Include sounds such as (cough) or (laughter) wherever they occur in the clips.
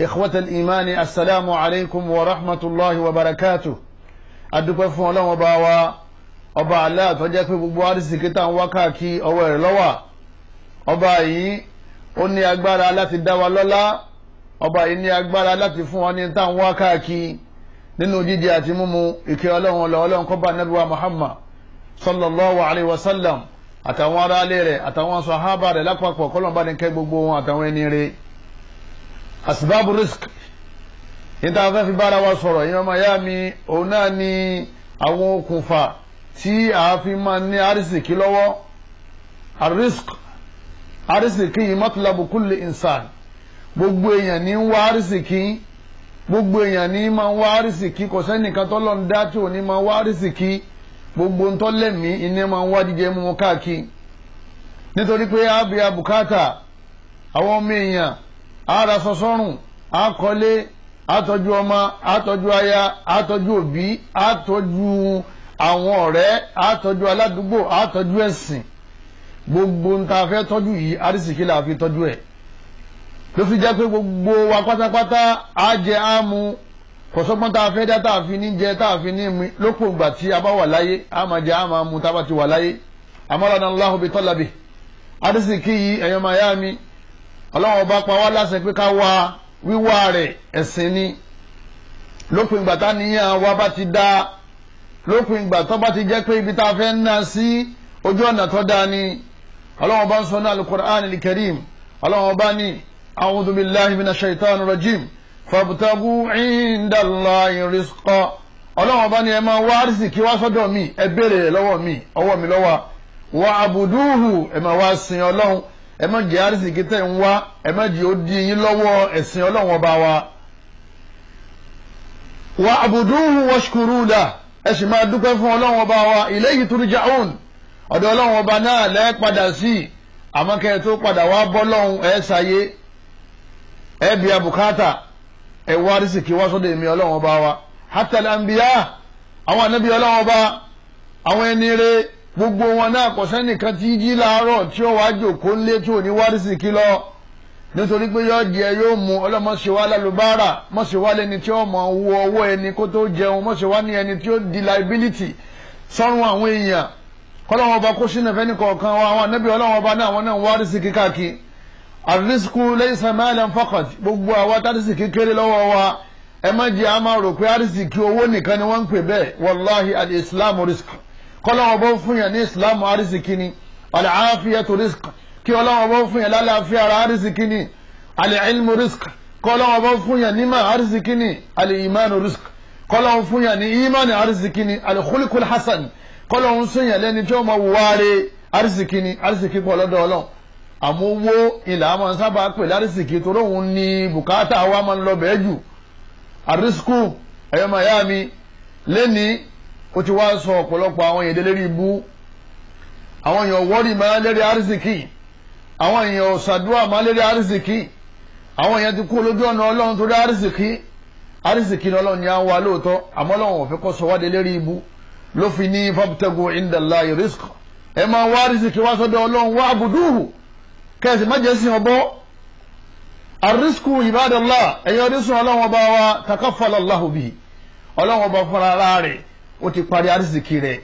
إخوة الإيمان السلام عليكم ورحمة الله وبركاته adúpẹ́ fún ọlọ́run ọba wa ọba Allah tó jẹ́ pé gbogbo àrísìkí tá à ń wá káàkiri ọwọ́ rẹ̀ ló wà ọba yìí ó ní agbára láti dá wa lọ́lá ọba yìí ní agbára láti fún wa ní tá à ń wá káàkiri nínú jíjẹ àti mímu ìkẹ́ ọlọ́run ọlọ́ ọlọ́run kó bá nábì wa Muhammad sallallahu alayhi wa sallam àtàwọn aráalé rẹ̀ àtàwọn sàhábà rẹ̀ lápapọ̀ kọ́lọ́mbà ní kẹ́ gbogbo wọn àtàwọn ẹni rẹ̀ asbab risk níta fẹ́ fi bára wa sọ̀rọ̀ yẹn ọmọ ìyá mi òun náà ni àwọn okùnfà tí a fi máa ní arísìkí lọ́wọ́ arisk arísìkí yìí matlabu kulli insan gbogbo èèyàn ní ń wá arísìkí gbogbo èèyàn ní máa ń wá arísìkí kò sẹ́nìkan tó lọ́n dá tí ò ní máa ń wá arísìkí gbogbo ń tọ́lẹ̀mí iná máa ń wá jíjẹ mú káàkiri nítorí pé á bí abùkátà àwọn ọmọ èèyàn ara sọsọ́rùn akọ́lé atọ́jú ọmọ atọ́jú aya atọ́jú òbí atọ́jú àwọn ọ̀rẹ́ atọ́jú aládùúgbò atọ́jú ẹ̀sìn gbogbo ń ta fẹ́ yìí arísìkí la fi tọ́jú ẹ̀ ló fi jẹ́ pé gbogbo wa pátápátá á jẹ á mu kọ̀sọ́gbọ́n tá a fẹ́ dá tá a fi ní jẹ tá a fi ní mi lópò ìgbà tí a bá wà láyé á máa jẹ á máa mu tá a bá ti wà láyé amọ́lànà Allahu bi talabi arísìkí yìí ẹ̀yọ́ máa yá mi ọlọ́run ọba pa wá láṣẹ pé ká wá wíwá rẹ̀ ẹ̀sìn ni lópin ìgbà táníyàn wa bá ti dá lópin ìgbà tó bá ti jẹ́ pé ibi tá a fẹ́ ná sí ojú ọ̀nà tó dáa ni ọlọ́run ọba ń sọ ní alukur'an alikarim ọlọ́run ọba ní a'udhu billahi minash shaitanir rajim fàbùtàbù indallahi rizqa ọlọ́run ọba ní ẹ máa wá àrísìkí wá sọ́dọ̀ mi ẹ béèrè lọ́wọ́ mi ọwọ́ mi lọ́wọ́ wa àbùdúhù ẹ máa wá sin ọlọ́run ẹ má jẹ́ àrísìkí tẹ̀ ń wá ẹ má jẹ́ ó di yín lọ́wọ́ ẹ̀sìn ọlọ́run ọba wa. wa abuduhu washkuru la ẹ sì máa dúpẹ́ fún ọlọ́run ọba wa ilayhi turja'un ọ̀dọ̀ ọlọ́run ọba náà lẹ́ padà sí i àmọ́ kẹ́ ẹ tó padà wá bọ́ lọ́hùn ẹ ṣàyé ẹ bí abùkátà ẹ wá àrísìkí wá sọ́dọ̀ èmi ọlọ́run ọba wa hatta al-anbiya àwọn ànábì ọlọ́run ọba àwọn ẹni rẹ̀ gbogbo wọn náà kò sẹ́nìkan tí jí láàárọ̀ tí ó wá jòkó lé tí ò ní wárísì kí lọ nítorí pé yóò jẹ yóò mu ọlọ́mọṣẹ́wá lálùbárà mọ̀ṣẹ́wá lẹni tí ó mọ̀ owó ọwọ́ ẹni kó tó jẹun mọ̀ṣẹ́wá ní ẹni tí ó di liability sọ́run àwọn èèyàn kọ́lọ́wọ́n ọba kó sínú ẹ̀fẹ́ kọ̀ọ̀kan wa àwọn anábì ọlọ́wọ́n ọba náà àwọn náà wárísì kíkàkí àrísìkú laysa malan faqat gbogbo àwa tárísìkí kéré lọ́wọ́ wa ẹ má jẹ́ àmà rò pé àrísìkí owó nìkan ni wọ́n ń pè bẹ́ẹ̀ wàláhi al-islam rizq kọ́lọ́wọ́ bó fún yàn ní ìsìlámù arísìkí ni àlàáfíà tó risk kí ọlọ́wọ́ bó fún yàn lálàáfíà ara arísìkí ni àlẹ́ìlmù risk kọ́lọ́wọ́ bó fún yàn nímọ̀ arísìkí ni àlẹ́ìmánu risk kọ́lọ́wọ́ fún yàn ní ìmánu arísìkí ni àlẹ́kúlíkúl hasan kọ́lọ́wọ́ sún yàn lẹ́ni tí ó máa wáre arísìkí ni arísìkí pọ̀ lọ́dọ̀ ọlọ́run àmúwó ilà àmọ́ sábà pè lárísìkí tó lóun ní bùkátà wa máa ń lọ bẹ́ẹ̀ jù àrísìkú ẹ̀yọ́mọ̀ yá mi lẹ́ni ó ti wá sọ ọ̀pọ̀lọpọ̀ àwọn èèyàn délérí ibú àwọn èèyàn wọ́ọ̀rì máa lérí àrísìkì àwọn èèyàn ṣàdúrà máa lérí àrísìkì àwọn èèyàn ti kú lójú ọ̀nà ọlọ́run torí àrísìkì àrísìkì ni ọlọ́run ni à ń wá lóòótọ́ àmọ́ ọlọ́run ò fẹ́ kó sọ wá délérí ibú ló fi ní fabtagu indala irisk ẹ máa wá àrísìkì wá sọ́dọ̀ ọlọ́run wá àbùdúhù kẹ́sì má jẹ́ sí ọbọ̀ àrísìkù ìbádọ́lá ẹ̀yọ́ orísun ọlọ́run ọba wa takafala Allahu bihi ọlọ́run ọba fúnra rẹ̀ ó ti parí arísìkì rẹ̀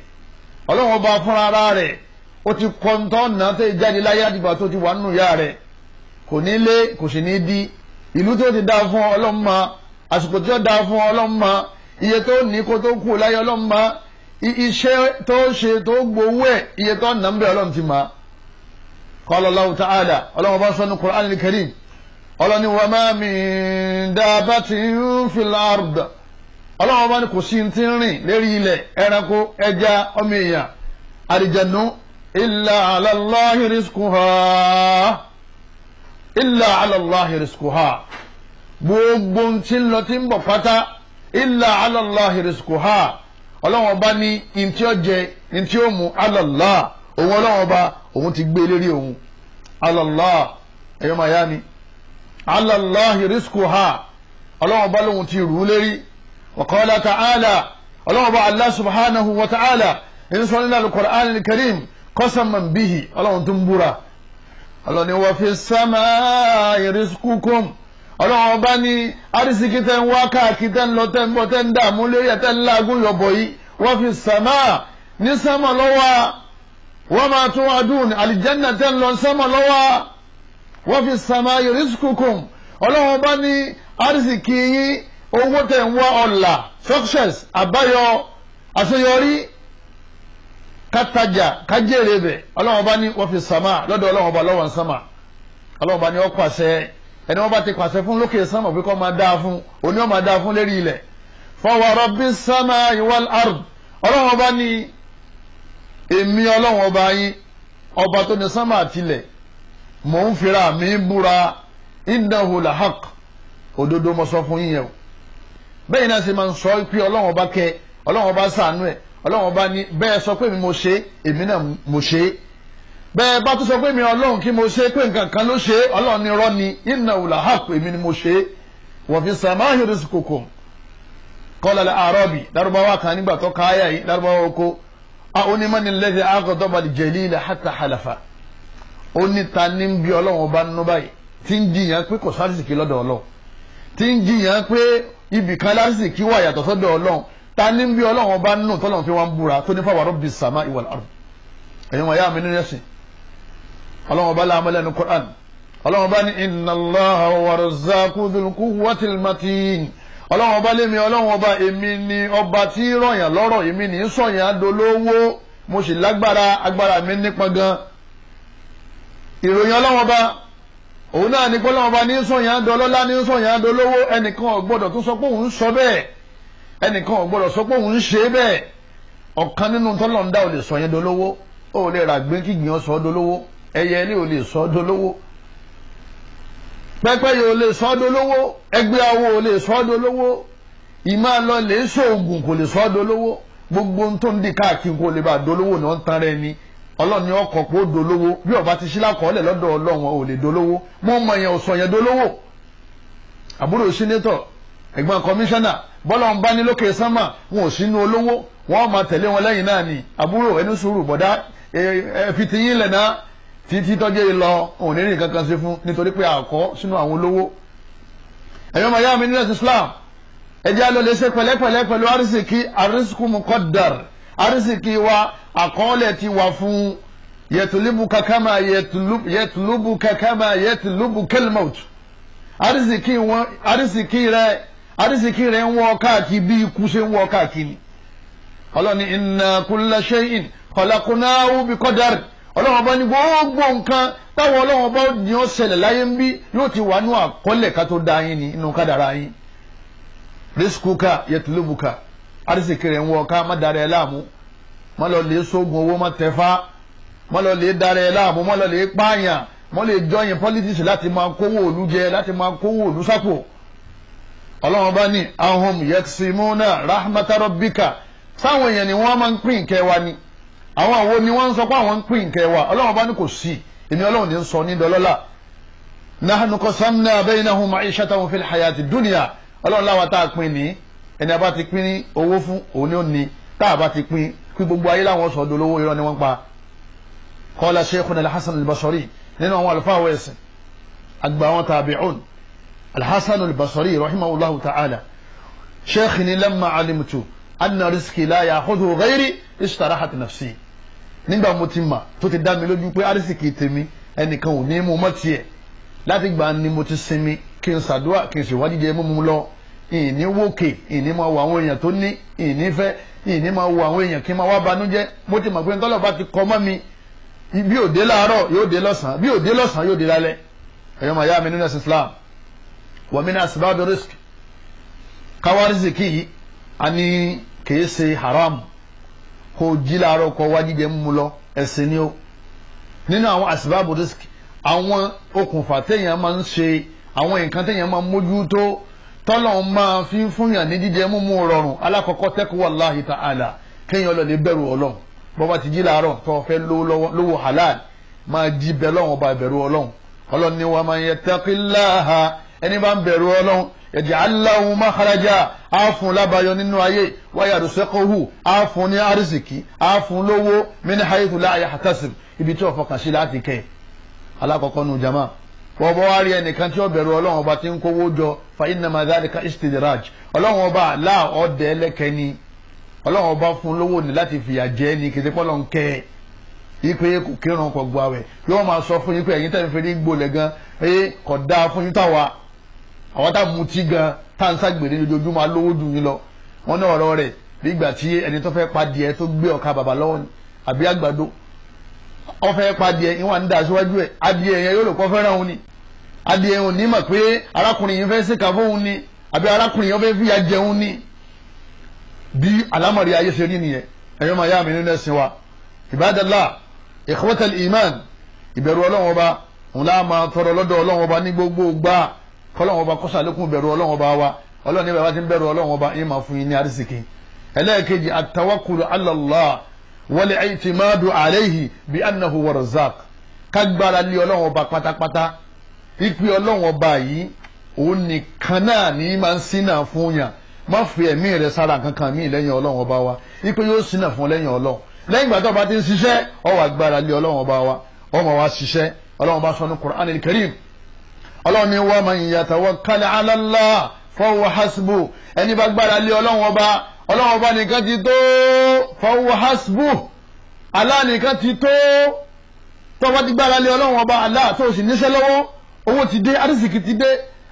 ọlọ́run ọba fúnra ara rẹ̀ ó ti kọ́ńtọ́ náà tẹ́ jáde láyé àdìgbà tó ti wà nínú ìyá rẹ̀ kò ní lé kò sì ní dí ìlú tó ti dáa fún ọlọ́run ma àsìkò tó dáa fún ọlọ́run ma iye tó ní kó tó kú láyé ọlọ́run ma iṣẹ́ tó ṣe tó gbowó ẹ̀ iye tó nà ń bẹ ọlọ́run ti ma qala Allahu ta'ala ọlọ́run ọba sọ́nu Qur'an al-Karim ọlọ́ni wa ma min dabbatin fil ọlọ́run bá ní kò sí ti ń rìn lérí ilẹ̀ ẹranko ẹja ọmọ èèyàn àlìjànú illa ala Allahi rizquha illa ala Allahi rizquha gbogbo tí ń lọ tí ń bọ̀ pátá illa ala Allahi rizquha ọlọ́run bá ní ntí ó jẹ ntí ó mu ala Allah òun ọlọ́run bá òun ti gbé e lérí òun ala ẹ̀yọ́ màyá ni ala Allahi bá lóun ti rú lérí. وقال تعالى الله الله سبحانه وتعالى إن صلنا القرآن الكريم قسما به الله تنبرا الله ni وفي السماء رزقكم ọlọ́run ọba ní arísìkí tẹ́ ń wá káàkiri tẹ́ ń lọ tẹ́ ń bọ̀ tẹ́ ń dààmú lórí ẹ̀ tẹ́ ń láàgùn yọ̀bọ̀ yìí wọ́n fi sàmà ní sàmà lọ́wọ́ wọ́n máa tún adùn àlìjẹ́nà tẹ́ ń lọ sàmà lọ́wọ́ wọ́n fi sàmà rizqukum ọlọ́run ọba ní arísìkí yìí owó tẹ̀ ń wá ọ̀la success àbáyọ àṣeyọrí katajà kájèrè bẹ̀ ọlọ́wọ́n bá ní wọ́n fi sàmà lọ́dọ̀ ọlọ́wọ́n bá lọ́wọ́n sàmà ọlọ́wọ́n bá ní wọ́n pàṣẹ ẹni wọ́n bá ti pàṣẹ fún lókè sàmà pé kọ́ máa dáa fún òní wọ́n máa dáa fún lérí ilẹ̀ sàmà ọlọ́wọ́n bá ọlọ́wọ́n bá ní sàmà bẹ́ẹ̀ náà sì máa ń sọ pé ọlọ́run ọba kẹ ọlọ́run ọba ṣàánú ẹ̀ ọlọ́run ọba ní bẹ́ẹ̀ sọ pé mi mo ṣe èmi náà mo ṣe bẹ́ẹ̀ bá tún sọ pé mi ọlọ́run kí mo ṣe pé nǹkan kan ló ṣe ọlọ́run ní rọ́ni iná òwúlà hàp èmi ni mo ṣe wọ́n fi sàmáhìn rẹ̀ sùkòkò kọ́lá àrọ́bì lárúbáwá kan nígbà tó káyà yìí lárúbáwá oko onímọ̀ni lẹ́sẹ̀ ní bí ọlọ́run ọba nínú tí ń jiyàn pé ibì kan lásìkí wà yàtọ̀ sọ́dọ̀ ọlọ́run ta ní bí ọlọ́run ọba nù tọ́lọ́run fi wọn búra tó ní fáwọn arọ́bì sàmá ìwà àrùn ẹ̀yin wọn yá nínú ẹ̀sìn ọlọ́run ọba láàmú lẹ́nu ọba ní ọlọ́run ọba lémi ọlọ́run èmi ni ọba tí rọ̀yàn lọ́rọ̀ èmi ní sọ̀yàn adolówó mo sì lágbára òun náà ní pé ọlọ́run bá ní sọ̀yàn adọ́lọ́lá ní sọ̀yàn adọ́lówó ẹnìkan ò gbọ́dọ̀ tó sọ pé òun sọ bẹ́ẹ̀ ẹnìkan ò gbọ́dọ̀ sọ pé òun ṣe bẹ́ẹ̀ ọ̀kan nínú tọ́lọ̀ ń dá ò lè sọ̀yàn dolówó ò lè rà gbé kí gbìyàn sọ dolówó ẹyẹ ilé ò lè sọ dolówó pẹ́pẹ́yẹ ò lè sọ dolówó ẹgbẹ́ awo ò lè sọ dolówó ìmọ̀ lọ lè sọ ògùn kò lè sọ dolówó gbogbo ohun tó ń di káàkiri kò lè bá dolówó náà ń tan rẹ ni ọlọ́run ni ọkọ̀ pé ó dolówó bí ọba ti ṣílá kọ́ọ́lẹ̀ lọ́dọ̀ ọlọ́run ò lè dolówó mo mọ yẹn òsàn yẹn dolówó àbúrò sínétọ̀ ẹ̀gbọ́n kọmíṣánná bọ́lá ń bá ní lókè sánmà wọn ò sínú olówó wọn máa tẹ̀lé wọn lẹ́yìn náà ni àbúrò ẹni sùúrù bọ̀dá fìtìyín lẹ̀ná títí tọ́jú ìlọ òun ní nǹkan kan ṣe fún nítorí pé àkọ́ sínú àwọn olówó ẹ̀yọ́ màyá mi nílẹ̀ Islam ẹ̀jẹ̀ alọ́lẹ̀ ṣe pẹ̀lẹ́pẹ̀lẹ́ pẹ̀lú arísìkí arísìkú muqaddar arísìkí wa àkọọ́lẹ̀ ti wà fún yẹtùlúbù kakama yẹtùlúbù kakama yẹtùlúbù kelmout arísìkí wọn arísìkí rẹ arísìkí rẹ ń wọ káàkiri bí ikú ṣe ń wọ káàkiri ọlọ́ni inna kulla shay'in khalaqnahu bi qadar ọlọ́wọ́n bá ní gbogbo nǹkan táwọn ọlọ́wọ́n bá ní ó ṣẹlẹ̀ láyé ń bí yóò ti wà nú àkọọ́lẹ̀ ká tó dá yín ní inú kádàrá yín riskuka yẹtùlúbùka arísìkì rẹ̀ ń wọ ká má darẹ̀ láàmú má lọ lè sógun owó má tẹ̀fá má lọ lè darẹ̀ láàmú má lọ lè pààyàn má lè jọyìn politics láti máa kówó òlu jẹ láti máa kówó òlu sápò ọlọ́run bá ní ahum yẹksimuna rahmata rabbika sáwọn èèyàn ni wọ́n máa ń pín ìkẹwà ni àwọn àwo ni wọ́n ń sọ pé àwọn ń pín ìkẹwà ọlọ́run bá ní kò sí èmi ọlọ́run ní ń sọ ní dọlọ́lá nahnu qasamna bainahum ma'ishatahum fil hayati dunya ọlọ́run láwa tá a pín ní ẹni abá ti pín owó fún òun ni ó ní tá a bá ti pín pín gbogbo ayé láwọn sọ dolówó irọ́ ni wọ́n pa kọ́lá sheikhuna alhassan albasori nínú àwọn àlùfáà wẹ̀sìn àgbà àwọn tàbíùn alhassan albasori rahimahullahu ta'ala sheikh ni lamma alimtu anna riski la ya'khudhu ghairi istarahat nafsi nígbà mo ti mà tó ti dá mi lójú pé arísìkì tèmi ẹnìkan ò ní mú mọ́ láti gbà ni mo ti sinmi kí n ṣàdúrà kí n ṣèwádìí jẹ́ mú mu lọ ìní wòkè ìní máa wo àwọn èèyàn tó ní ìní fẹ́ ìní máa wo àwọn èèyàn kí n máa wá banújẹ́ mo ti mọ̀ pé ntọ́lọ̀ bá ti kọ́ mọ́ mi bí òde láàárọ̀ yóò dé lọ́sàn-án bí òde lọ́sàn-án yóò dé lálẹ́ ẹ̀yọ́ màá yá mi nínú ẹ̀sìn Islam wọ́n mi ní asibáàbẹ̀ risk káwárísì kì í a ní kìí ṣe haram kò jí láàárọ̀ kọ́ wá jíjẹ mú lọ ẹ̀sìn ni ó nínú àwọn asibáàbẹ̀ risk àwọn okùnfà téèyàn máa ń ṣe àwọn nǹkan téèyàn máa ń mójútó tọ́lọ̀ máa fi fúnyàn ní jíjẹ múmú rọrùn alákọ̀ọ́kọ́ tẹ́kùwà Allahi ta'ala kéèyàn lọ lè bẹ̀rù ọlọ́run bọ́bá ti jí làárọ̀ tó fẹ́ lówó halal máa jí bẹ lọ́wọ́ bá bẹ̀rù ọlọ́run ọlọ́run ni wa man yattaqillaha ẹni bá ń bẹ̀rù ọlọ́run yaj'al lahu makhraja àáfún lábàáyọ nínú ayé wa yarzuqhu àáfún ní àrísìkí àáfún lówó min haythu la yahtasib bọ́bọ́ wá rí ẹnìkan tí ó bẹ̀rù ọlọ́run ọba tí ń kówó jọ fa innama dhalika istidraj ọlọ́run ọba láà ọ̀dẹ ẹlẹ́kẹ́ ni ọlọ́run ọba fún lówó ni láti fìyà jẹ́ ni kété pọ́lọ́ ń kẹ́ ẹ ipe kò kírun kò gba wẹ̀ yóò máa sọ fún yín pé ẹ̀yin tẹ̀sí fi gbolẹ̀ gan ẹ kò dáa fún yín táwa àwọn tá mutí gan tá n ságbèrè lójoojúmọ́ alówó dùn yín lọ wọn ní ọ̀rọ̀ rẹ̀ bí ìgbà tí ẹni tó fẹ́ padìẹ tó gbé ọ̀ka bàbá lọ́wọ́ ni àbí àgbàdo ọfẹ pa adìẹ yìí wà ń da aṣíwájú ẹ adìẹ yẹn yóò lò kọ fẹ́ràn òun ni adìẹ yẹn ò ní mọ̀ pé arákùnrin yìí fẹ́ ṣèkà fóun ni àbí arákùnrin yẹn fẹ́ fìyà jẹun ni bí alámọ̀rí ayé ṣe rí nìyẹn ẹ̀yọ́ máa yá mi nínú ẹ̀sìn wa ìbádàlá ìkọ́tẹ̀lì imán ìbẹ̀rù ọlọ́run ọba òun láà máa tọrọ lọ́dọ̀ ọlọ́run ọba ní gbogbo gbà kọ́lọ́run ọba kọ́sàlékún ìbẹ̀rù ọlọ́run ọba wa ọlọ́run ní bàbá ti ń bẹ̀rù wal i'timadu alayhi bi annahu wa razzaq kágbára lé ọlọ́run ọba pátápátá ìpè ọlọ́run ọba yìí òun nìkan náà ní máa ń sínà fún yàn má fi ẹ̀mí rẹ̀ sára kankan míì lẹ́yìn ọlọ́run ọba wa ìpè yóò sínà fún lẹ́yìn ọlọ́run lẹ́yìn ìgbà tó bá ti ń ṣiṣẹ́ ó wá lé ọlọ́run ọba wa ó máa wá ṣiṣẹ́ ọlọ́run bá sọ ní Qur'anil Karim ọlọ́run ni wa man yatawakkal ala Allah fa huwa hasbu ẹni bá gbára lé ọlọ́run ọba ọlọ́run ọba nìkan ti tó fọwọ́ hasbu Allah nìkan ti tó tọ́wọ́ ti gbára lé ọlọ́run ọba Allah tó o sì níṣẹ́ lọ́wọ́ owó ti dé arísìkì ti dé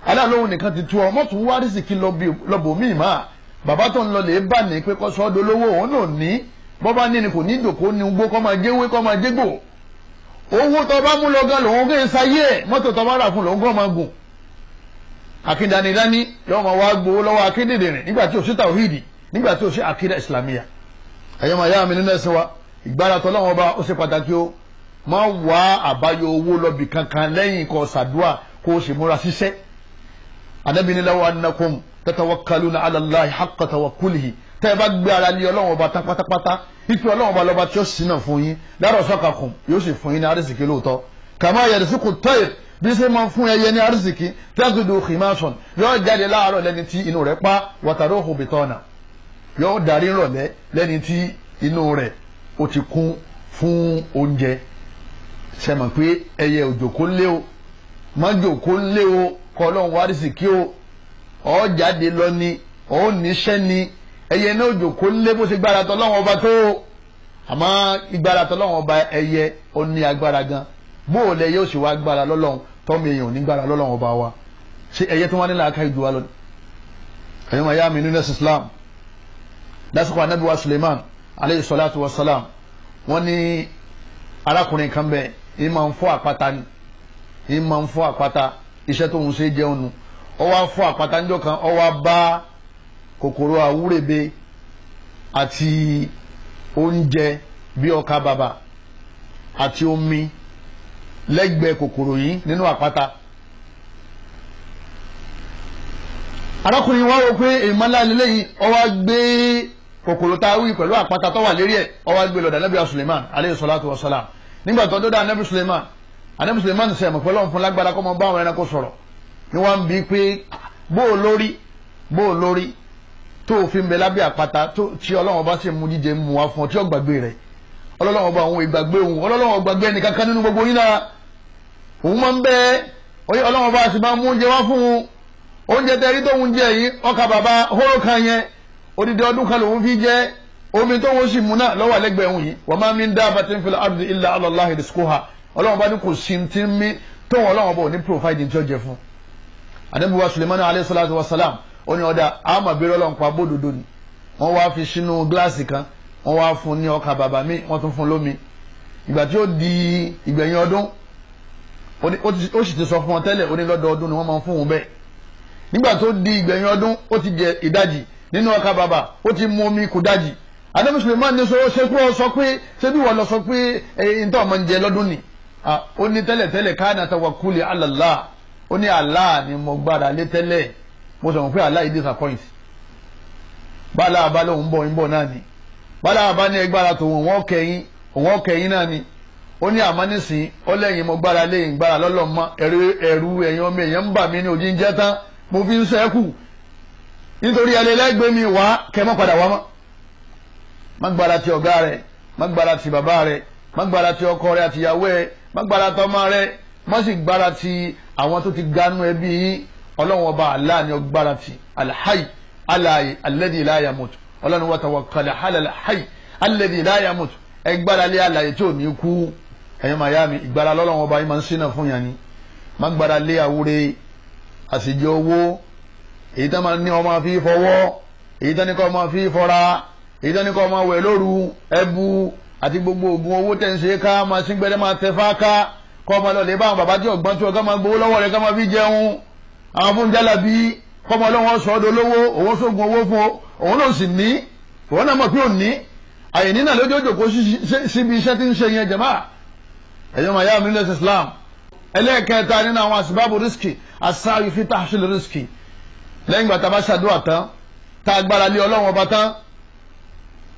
Allah lóhun nìkan ti tó ọ mọ́tò wá arísìkì lọ́bọ̀ míì máa bàbá tó ń lọ lè bá ní pé kọ́ sọ́ọ́ dolówó òun náà ní bọ́bá ní ni kò ní ìdòkó ní ugbó kọ́ máa jẹ́wé kọ́ máa jẹ́gbò owó tó bá mú lọ gan lòun kéè sáyé ẹ̀ mọ́tò tó bá rà fún lòun kọ́ máa gùn akíndanidání lọ́wọ́ máa wá gbowó lọ́wọ́ akíndèdè nígbà tí òṣìṣẹ́ tàwíìdì nígbà tí o ṣe àkídà ìsìlámíyà ẹ̀yọ́ máa yá mi nínú ẹ̀sìn wa ìgbára tọ́lọ́wọ́n bá ó ṣe pàtàkì o máa wá àbáyọ owó lọ́bì kankan lẹ́yìn kó ṣàdúrà kó o sì múra ṣiṣẹ́ anabi ni law annakum tatawakkaluna ala Allahi haqqa tawakkulihi tẹ́ ẹ bá gbé ara lé ọlọ́wọ́n ọba tán pátápátá ipe ọlọ́wọ́n ọba lọ́ba tí ó ṣínà fún yín dárò sọ́kàkùn yóò sì fún yín ní arísìkí lóòótọ́ kàmá yẹ̀dùsùkù tọ́yìr bí ṣe máa fún ẹyẹ ní arísìkí tẹ́gùdù kìmáṣọ̀n yóò jáde láàárọ̀ lẹ́ni tí inú rẹ̀ pa wàtàróhùn bìtọ́nà yóò darí rọ̀lẹ́ lẹ́ni tí inú rẹ̀ ó ti kún fún oúnjẹ sẹ́mọ̀ pé ẹyẹ òjòkó ń o má jòkó ń lé o kọ́ ọlọ́run wá rísì kí o ọ̀ jáde lọ ni ọ̀ níṣẹ́ ni ẹyẹ náà òjòkó ń lé bó ṣe gbára tọ́lọ́run ọba tó o àmọ́ ìgbára tọ́lọ́run ọba ẹyẹ ó ní agbára gan bó o lẹ yóò ṣe wá gbára lọ́lọ́run tọ́mọ èèyàn ò ní gbára lọ́lọ́run ọba wa ṣé ẹyẹ tó wá nílà aká ìjù lọ ẹ̀yọ́ màá nínú ẹ̀sìn Islam lásìkò anabi wa suleiman aleyhi salatu wa salam wọ́n ní arákùnrin kan bẹ yìí máa ń fọ́ àpáta ni yìí máa ń fọ́ àpáta iṣẹ́ tó ń ṣe jẹun nu ó wá fọ́ àpáta níjọ́ kan ó wá bá kòkòrò àwúrèbe àti oúnjẹ bí ọkà bàbà àti omi lẹ́gbẹ̀ẹ́ kòkòrò yìí nínú àpáta. arákùnrin wa rò pé èèmọ́lá lélẹ́yìn ó wá gbé kòkòrò tá a wí pẹ̀lú àpáta tó wà lérí ẹ̀ ọwọ́ gbé lọ́dà nẹ́bí Suleiman aleyhi salatu wa salam nígbà tó dọ́dà nẹ́bí Suleiman anẹ́bí Suleiman sẹ̀ mọ̀ pẹ̀lú ọ̀fun lágbára kọ́ mọ bá àwọn ẹranko sọ̀rọ̀ ni wọ́n ń bi pé bó o lórí bó o lórí tó o fi ń bẹ lábẹ́ àpáta tí Ọlọ́run bá sì mú jíjẹ mu wá fún ọ tí ó gbàgbé rẹ̀ Ọlọ́run bá òun ìgbàgbé òun Ọlọ́run gbàgbé ẹnìkankan nínú gbogbo yín náà òun máa ń bẹ oyè odidi ọdún kan lòun fi jẹ́ omi tó wọ́n sì mú náà lọ́wọ́ àlẹ́gbẹ̀ẹ́ òun yìí wọ́n máa ń min dabbatin fil ardi illa ala Allahi rizquha ọlọ́run bá ní kò sí ti ń mí tóun ọlọ́run bá òní provide ní jọ́jẹ fún. àdébùwá sulemani alayhi salatu wa salam ó ní ọ̀dà àmà bèrè ọlọ́run pa bódodo ni wọ́n wá fi sínú gíláàsì kan wọ́n wá fún ní ọkà bàbà mi wọ́n tún fún lómi ìgbà tí ó di ìgbẹ̀yìn ọdún ó sì ti sọ fún wọn tẹ́lẹ̀ ó ní lọ́dọọdún ni wọ́n máa ń fún òun bẹ́ẹ̀ nígbà tó di ìgbẹ̀yìn ọdún ó ti jẹ ìdajì nínú ọkà bàbà ó ti mú omi kù dájì anabi suleiman ní sọ ṣe kúrò sọ pé ṣebí wọn lọ sọ pé ntọ́ ọmọ ń jẹ lọ́dún ni ó ní tẹ́lẹ̀tẹ́lẹ̀ káàna tawakkuli ala Allah ó ní ni mo gbára lé tẹ́lẹ̀ mo sọ̀rọ̀ pé Allah yìí disappoint bala abala òun bọ̀ ń bọ̀ náà ni bala abani ẹgbàra tó òun ọkẹyìn òun ọkẹyìn náà ni ó ní àmọ́ nítorí ẹni lẹ́gbẹ̀ẹ́ mi wá kẹ́mọ́ padà wá mọ́ má gbára ti ọ̀gá rẹ má gbára ti bàbá rẹ má gbára ti ọkọ rẹ àti ìyàwó ẹ má ti ọmọ rẹ má sì gbára ti àwọn tó ti ganu ẹbí yín ọlọ́run ọba Allah ni ó gbára ti alhayy alaye alladhi la yamut ọlọ́run wa tawakkal ala alhayy alladhi la yamut ẹgbára lé alaye tí ò ní kú ẹ̀yin màá yá mi ìgbára lọ́lọ́run ọba yín máa ń sínà fún yàn ni má gbára lé àwúre àṣejọ owó èyí tán máa ní ọmọ fi fọwọ́ èyí tán ní kọ́ ọmọ fi fọra èyí tán ní kọ́ ọmọ wẹ̀ lóru ẹbu àti gbogbo oògùn owó tẹ̀ ń ṣe ká máa sí gbẹ́dẹ́ máa tẹ fáká kọ́ ọmọ lọ lè bá àwọn bàbá tí ọ̀gbọ́n tí ọ̀gá máa gbowó lọ́wọ́ rẹ̀ ká máa fi jẹun àwọn fún jálàbí kọ́ ọmọ lọ́wọ́ sọ ọ́ dolówó òun sógun owó fún òun náà sì ní òun náà mọ̀ pé òun ní àyìní náà lójoojò kó síbi iṣẹ́ tí ń ṣe yẹn jẹ̀má ẹ̀yọ́ màá yá mi lẹ́sẹ̀ Islam ẹlẹ́ẹ̀kẹta nínú àwọn àsìbábù rísíkì àṣà yìí fi tàṣìlì rísíkì lẹ́yìn ìgbà tá a bá ṣàdúrà tán tá a gbára lé ọlọ́run ọba tán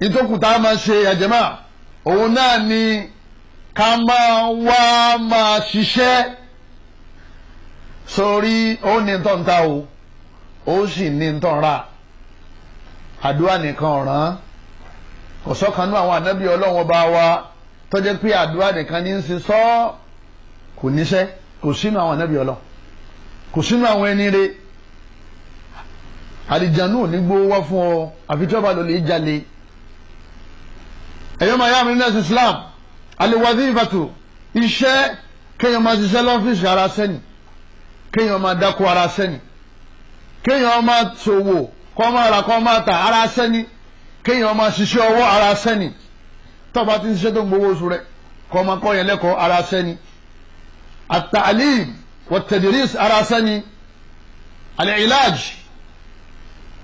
ìtòkù tá a máa ṣe àjẹmọ́ òun náà ni ká máa wá máa ṣiṣẹ́ sórí ó ní tó ń ta o ó sì ní tó ń rà àdúrà nìkan ọ̀ràn ọ̀sọ́kanú àwọn ànábì ọlọ́run ọba wa tó jẹ́ pé àdúrà nìkan ní í ṣe sọ́ kò níṣẹ́ kò sínú àwọn ànábì ọlọ́run kò sínú àwọn ẹni rẹ̀ àdìjànú ò ní gbówó wá fún ọ àfi tí wọ́n bá lọ lè jalè ẹ̀yọ́ máa yá mi nínú ẹ̀sìn Islam àlewàdí ìfàtò iṣẹ́ kéèyàn máa ṣiṣẹ́ lọ́fíìsì ara sẹ́ni kéèyàn máa dáko ara sẹ́ni kéèyàn máa ṣòwò kọ́ máa rà kọ́ máa tà ara sẹ́ni kéèyàn máa ṣiṣẹ́ ọwọ́ ara sẹ́ni tọ́ba ti ń ṣiṣẹ́ tó ń gbowó oṣù rẹ̀ kọ́ máa kọ́ yẹn lẹ́kọ̀ọ́ ara sẹ́ni àtàlíìm wàtẹ̀dìrís ara sẹ́ni àlẹ́ ìlàjì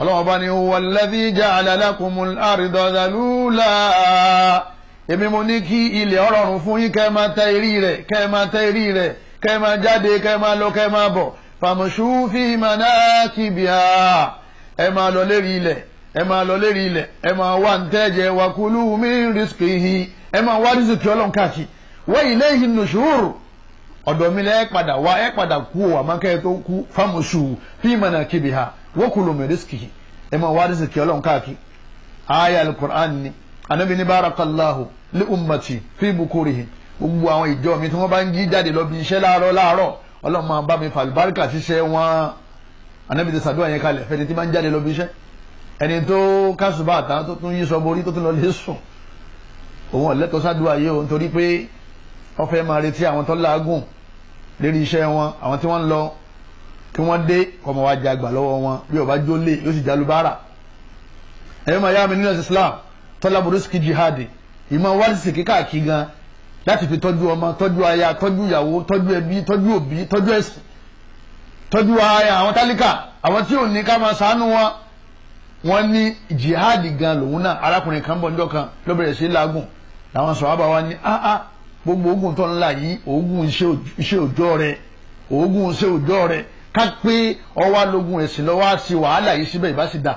ọlọ́wọ́n bá ní wọlẹ́dí jà àlàlákùnmù àrídọ́dàlúlà èmi mo ní kí ilẹ̀ ọ̀rọ̀rùn fún yín kẹ́ máa tẹ irí rẹ̀ kẹ́ máa tẹ irí rẹ̀ kẹ́ máa jáde kẹ́ máa lọ kẹ́ máa bọ̀ fàmùsù fi màná kìbìà ẹ máa lọ lérí ilẹ̀ ẹ máa lọ lérí ilẹ̀ ẹ máa wá ntẹ́jẹ wàkúlù mí rìsíkì yìí ẹ máa wá rìsíkì ọlọ́run káàkiri wọ́n ilé yìí nùsùúrù ọ̀dọ̀ mi lẹ́ padà wá ẹ padà kú ọ̀ àmọ́ kẹ́ tó kú fàmùsù fi màná kìbìà wọ́kùlù mi rìsíkì ẹ máa wá rìsíkì ọlọ́run káàkiri ayé alukur'an ni anabi ní barakallahu li ummati fi bukurihi gbogbo àwọn ìjọ mi tí wọ́n bá ń jí jáde lọ bí iṣẹ́ láàárọ̀ láàárọ̀ ọlọ́run máa bá mi fàlùbáríkà ṣiṣẹ́ wọn anabi ti sàdúrà yẹn kalẹ̀ fẹ́ni tí máa ń jáde lọ bí iṣẹ́ ẹni tó kásùbà àtà tó tún yí sọ borí tó tún lọ lè sùn òun ọ̀lẹ́tọ̀ sàdúrà yìí òun torí pé ó fẹ́ máa retí àwọn tó láàgùn lérí iṣẹ́ wọn àwọn tí wọ́n ń lọ kí wọ́n dé kọ́mọ wa jagba lọ́wọ́ wọn bí ọba jólè yóò sì jalubára ẹ̀yọ́ màá yá mi nílẹ̀ Islam tọ́lá burúkú jihadi ìmọ̀ wáṣísì kíkà kí gan láti fi tọ́jú ọmọ tọ́jú aya tọ́jú ìyàwó tọ́jú ẹbí tọ́jú òbí tọ́jú ẹ̀sìn tọ́jú aya àwọn tálíkà àwọn tí ò ní ká máa sàánú wọn wọn ní jihadi gan lòun náà arákùnrin kan bọ̀ ńjọ́ kan ló bẹ̀rẹ̀ sí làágùn làwọn sọ̀rọ̀ wa ní ah ah gbogbo oògùn tó ńlá yìí oògùn iṣẹ́ òjọ́ rẹ̀ oògùn iṣẹ́ òjọ́ rẹ̀ ká pé ọwọ́ alógún ẹ̀sìn lọ́wọ́ á sí wàhálà yìí síbẹ̀ ìbá sì dà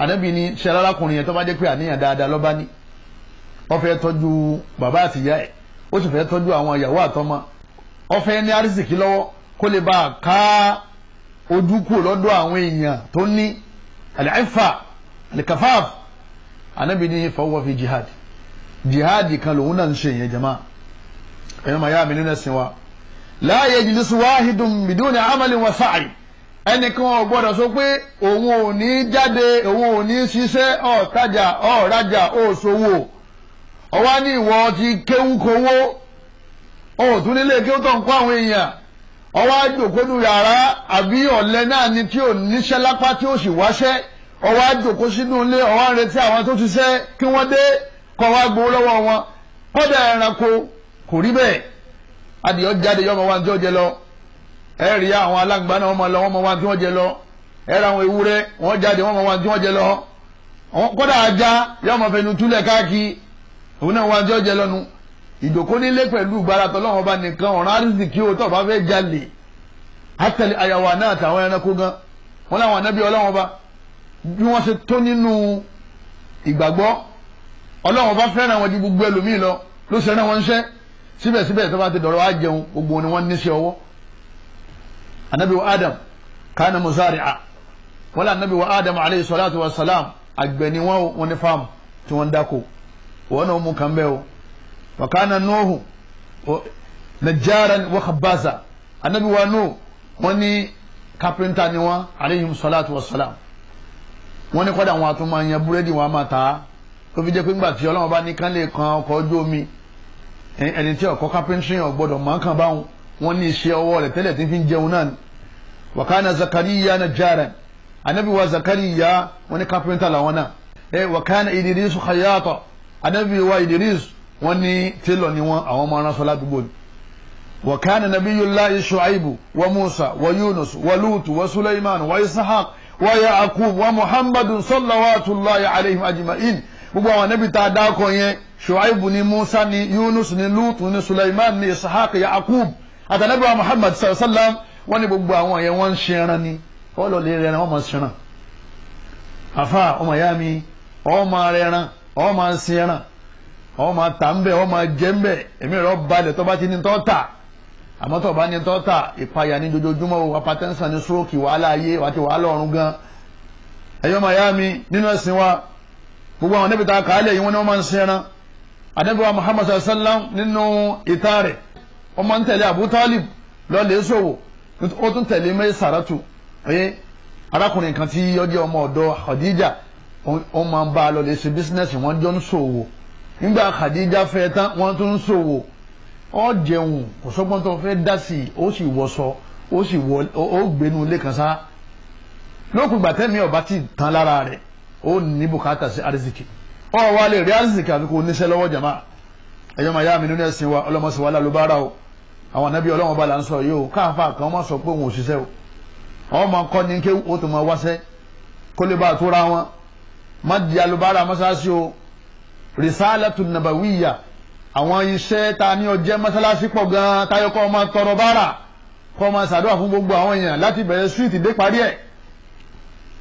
ànábì ni ṣe arákùnrin yẹn tó bá jẹ́ pé àníyàn dáadáa lọ́ba ní ó fẹ́ tọ́jú bàbá àtìyá ẹ̀ ó sì fẹ́ tọ́jú àwọn ìyàwó àtọmọ ó fẹ́ ní arísìkí lọ́wọ́ kó lè bá a ká ojú kúrò lọ́dọ̀ àwọn èèyàn tó ní àlẹ́fà àlẹ́kàfáàf ànábì ni fọwọ́ fi jihad jihad kan lòun náà ń ṣe yẹn jama ẹ̀yọ́ wa. láàyè jìlísù wáhìdùn bìdúnì amálin wà sáàyè ẹnìkan ò gbọ́dọ̀ sọ pé òun ò ní jáde òun ò ní ṣiṣẹ́ ọ̀tajà ọ̀rajà òṣòwò ọwá ní ìwọ ti kéwúkowó òtún nílé kí ó tàn kó àwọn èèyàn ọwá jòkónú yàrá àbí ọ̀lẹ náà ni tí ò níṣẹ́ lapa tí ó sì kí wá adìyọ jáde yọmọ wa tí ó jẹ lọ ẹ rí àwọn alágbá náà wọn mọ lọ wọn mọ wa tí wọn jẹ lọ ẹ rí àwọn ewúrẹ́ wọn jáde wọn mọ wa tí wọn jẹ lọ kódà ajá yọmọ fẹnu túlẹ̀ káàkiri òun náà wa tí ó jẹ lọ nu ìdòkó nílé pẹ̀lú ìgbàratọ̀ lọ́wọ́ bá nìkan ọ̀ràn àrísì kí o tó bá fẹ́ jalè àtẹlẹ àyàwó náà àtàwọn ẹranko gan wọn làwọn anábì ọlọ́wọ́n bá bí wọ́n ṣe tó nínú ìgbàgbọ́ ọlọ́wọ́n bá fẹ́ràn wọn ju gbogbo ẹlòmíì lọ ló ṣe rán wọn ṣẹ́ síbẹ̀síbẹ̀ tó bá ti dọ̀rọ̀ ajẹun gbogbo ni wọ́n níṣẹ́ ọwọ́ anabi wa adam kana musari'a wala anabi wa adam alayhi salatu wa salam àgbẹ̀ ni wọ́n wọn ni fáàmù tí wọ́n dáko wọ́n náà mú kan bẹ́ẹ̀ o wa kana nuhu najjaran wa khabasa anabi wa nuhu wọ́n ní kápẹ́ntà ni wọ́n alayhi salatu wa salam wọ́n ní kọ́dà wọn àtúmọ̀ yẹn búrẹ́dì wọn a máa ta tó fi jẹ́ pé ńgbà tí ọlọ́wọ́n ní kán lè kan ọkọ̀ ojú omi ẹni tí ọkọ kápẹ́ntìrì ọ̀gbọ́dọ̀ mọ̀ọ́kàn báwọn wọn ní iṣẹ́ ọwọ́ rẹ̀ tẹ́lẹ̀ tí fi ń jẹun náà wakana zakariya najjaran anabi wa zakariya wani kápẹ́ntà làwọn náà ẹ wakana idris khayata anabi wa idris wọn ní télọ̀ ni wọn àwọn ọmọ aránsọ ládùúgbò ni wakana nabiyullahi shu'aibu wa musa wa yunus wa lutu wa suleiman wa ishaq wa yaqub wa muhammadun sallallahu alayhi wa ajma'in gbogbo àwọn ànábì tá a dákọ yẹn shuaibu ni musa ni yunus ni lutu ni suleiman ni isahaq yaakub àtànábì wa muhammad sallam wọ́n ní gbogbo àwọn yẹn wọ́n ń ṣẹran ni wọ́n lọ lè rẹran wọ́n máa ṣẹran àfa ọmọ ìyá mi ọ máa rẹran ọ máa ṣẹran ọ máa tà ń bẹ ọ máa jẹ ń bẹ èmi rẹ balẹ̀ tó bá ti ní tọ́ ta àmọ́ tó bá ní tọ́ ta ìpayà ní dojoojúmọ́ o apatẹ́nsán ní sóòkì wàhálà ayé àti wàhálà ọ̀run gan ẹ̀yọ́ màyá nínú ẹ̀sìn wa gbogbo àwọn anábì tá a kàálẹ̀ yìí wọ́n ní wọ́n máa ń sin ẹran anábì wa muhammad sallam nínú ìta rẹ̀ wọ́n máa ń tẹ̀lé abu talib lọ́lẹ̀ sòwò ó tún tẹ̀lé mẹ́ sàràtù ẹ arákùnrin kan tí yọjẹ́ ọmọ ọ̀dọ́ khadija ó máa ń bá a lọ́lẹ̀ ṣe bísínẹ́sì wọ́n jọ ń sòwò nígbà khadija fẹ́ tán wọ́n tún ń sòwò ó jẹun kò sọ́gbọ́n tó fẹ́ dá sí ó sì wọṣọ ó sì wọ ó gbénu ilé kan sá lókùn gbàtẹ́mi ọ̀bá ti tán lára rẹ̀ ó ní bùkátà sí arizikì ọ wá lè rí arizikì àfi kò lọ́wọ́ jama ẹ̀yọ́ máa yá mi nínú ẹ̀sìn wa ọlọ́mọsí wa lálùbárà o àwọn ànábì ọlọ́wọ́n bá là ń sọ yìí o káàfà kan má sọ pé òun ò ṣiṣẹ́ o àwọn máa kọ́ ni ké o tó máa wáṣẹ́ kó lè bá a tóra wọn má di alùbárà mọ́ṣáláṣí o rìsáàlátù nàbàwíyà àwọn iṣẹ́ ta ní ọjẹ́ mọ́ṣáláṣí pọ̀ gan-an táyọ̀ ọmọ tọrọ bára kọ́ ọmọ sàdúrà fún gbogbo àwọn èèyàn láti bẹ̀rẹ̀ súwìtì dé parí ẹ̀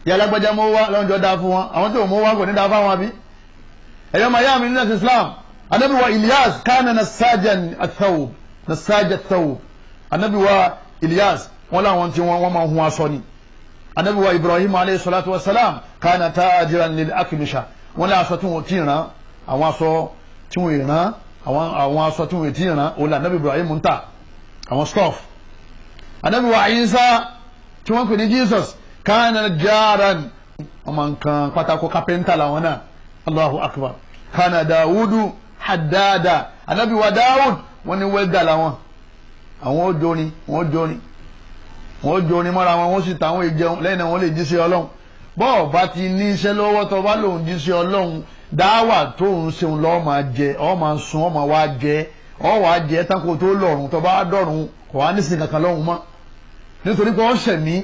ìyá alágbájá mọ́ wá lọ́njọ́ dáa fún wọn àwọn tó mọ́ wá kò ní dáa fáwọn àbí ẹ̀yọ́ màá yá mi nínú Islam anabi wa Ilyas kánà nasajan athawb nasaja athawb anabi wa Ilyas wọn làwọn tí wọn wọn máa hun aṣọ ni anabi wa Ibrahim alayhi salatu wa salam kánà tajiran lil akibisha wọn làwọn aṣọ tí wọn ti ràn àwọn aṣọ tí wọn ràn àwọn aṣọ tí wọn ti ràn òun là anabi Ibrahim ń ta àwọn stuff anabi wa Isa tí wọn pè ní Jesus kana jaran ọmọ nǹkan pátákó kápẹ́ńtà làwọn náà allahu akbar kana dawudu hadada anabi wa dawud wọn ni wẹ́dà làwọn àwọn ó jórin wọn ó jórin wọn ó jórin mọ́ra wọn wọ́n sì tàwọn ìjẹun lẹ́yìn náà wọ́n lè jí sí ọlọ́run bọ́ọ̀ bá ti ní iṣẹ́ lọ́wọ́ tó bá lòun jí sí ọlọ́run dáwà tó ń ṣeun lọ́ọ́ máa jẹ ọ́ sun ọ́ máa wá jẹ ọ́ wàá jẹ tán kó tó lọ́rùn tó bá dọ̀rùn kò wá nísìnyí kankan lọ́hùn mọ́ nítorí pé ọ́ ṣẹ̀mí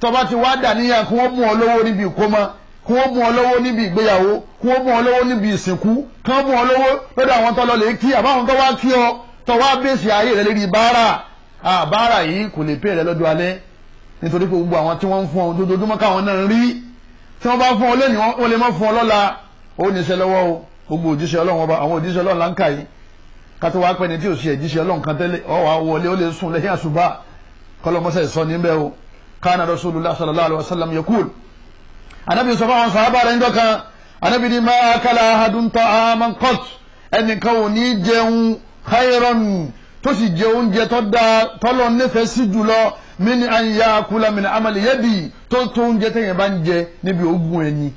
tọba ti wá dà níyà kí wọ́n mú ọ lọ́wọ́ níbi ìkómọ kí wọ́n mú ọ lọ́wọ́ níbi ìgbéyàwó kí wọ́n mú ọ lọ́wọ́ níbi ìsìnkú kí wọ́n mú ọ lọ́wọ́ lọ́dọ̀ àwọn tó lọ lè kí àbáwọn tó wá kí ọ tó wá bèsì ayé rẹ lérí báárà àbáárà yìí kò lè pè rẹ lọ́dọ̀ alẹ́ nítorí pé gbogbo àwọn tí wọ́n ń fún ọ dojoojúmọ́ káwọn náà rí tí wọ́n bá fún ọ lónìí wọ́n lè má fún ọ lọ́la ó níṣẹ́ lọ́wọ́ o gbogbo òjíṣẹ́ ọlọ́run ọba àwọn òjíṣẹ́ ọlọ́run là ń kà yìí kátó wá pẹ́ni tí ò sí ẹ̀jíṣẹ́ ọlọ́run kan tẹ́lẹ̀ ọ̀ wá wọlé ó lè sùn lẹ́yìn àṣùbà kọ́lọ́mọṣẹ́ ìsọ níbẹ̀ o kana rasulullah sallallahu alaihi wasallam yakul anabi sọ fáwọn sàhábà rẹ̀ ńjọ́ kan anabi ni máa akala ahadun ta'aman qat ẹnìkan ò ní jẹun khayran tó sì jẹ oúnjẹ tó dáa tọ́lọ́ nífẹ̀ẹ́ sí jùlọ min an yakula min amali yadi tó tó oúnjẹ tẹ̀yìn bá ń jẹ níbi ogun ẹni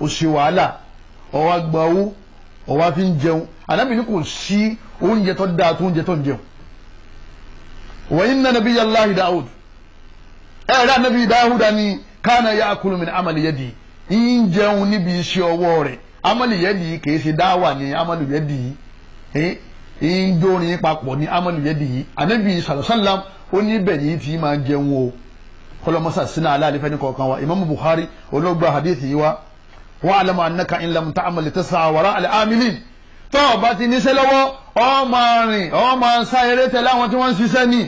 ó ṣe wàhálà ó wá gba owó ó wá fi ń anabi ni kò sí oúnjẹ tó dáa tó oúnjẹ tó ń wa inna nabiyyallahi Daud ẹ̀rọ anabi dáhùdà ni kánà yà kúlù mi ní amali yẹ́dì ń jẹun níbi iṣẹ́ ọwọ́ rẹ̀ amali yẹ́dì kìí ṣe dáwà ní amali yẹ́dì ń jórin papọ̀ ní amali yẹ́dì anabi sàlọ́sàlám ó ní bẹ́ẹ̀ yìí ti máa jẹun o kọlọmọsà sínú aláàlífẹ́ ní kọ̀ọ̀kan wa imam buhari olóògbé hadith yìí wa wọ́n alama anaka ńlá mu ta'amal tẹ́sà wàrà alẹ́ amílì tó o ti níṣẹ́ lọ́wọ́ ọ máa rìn ọ máa sá eré tẹ̀lé àwọn tí wọ́n ń ṣiṣẹ́ ní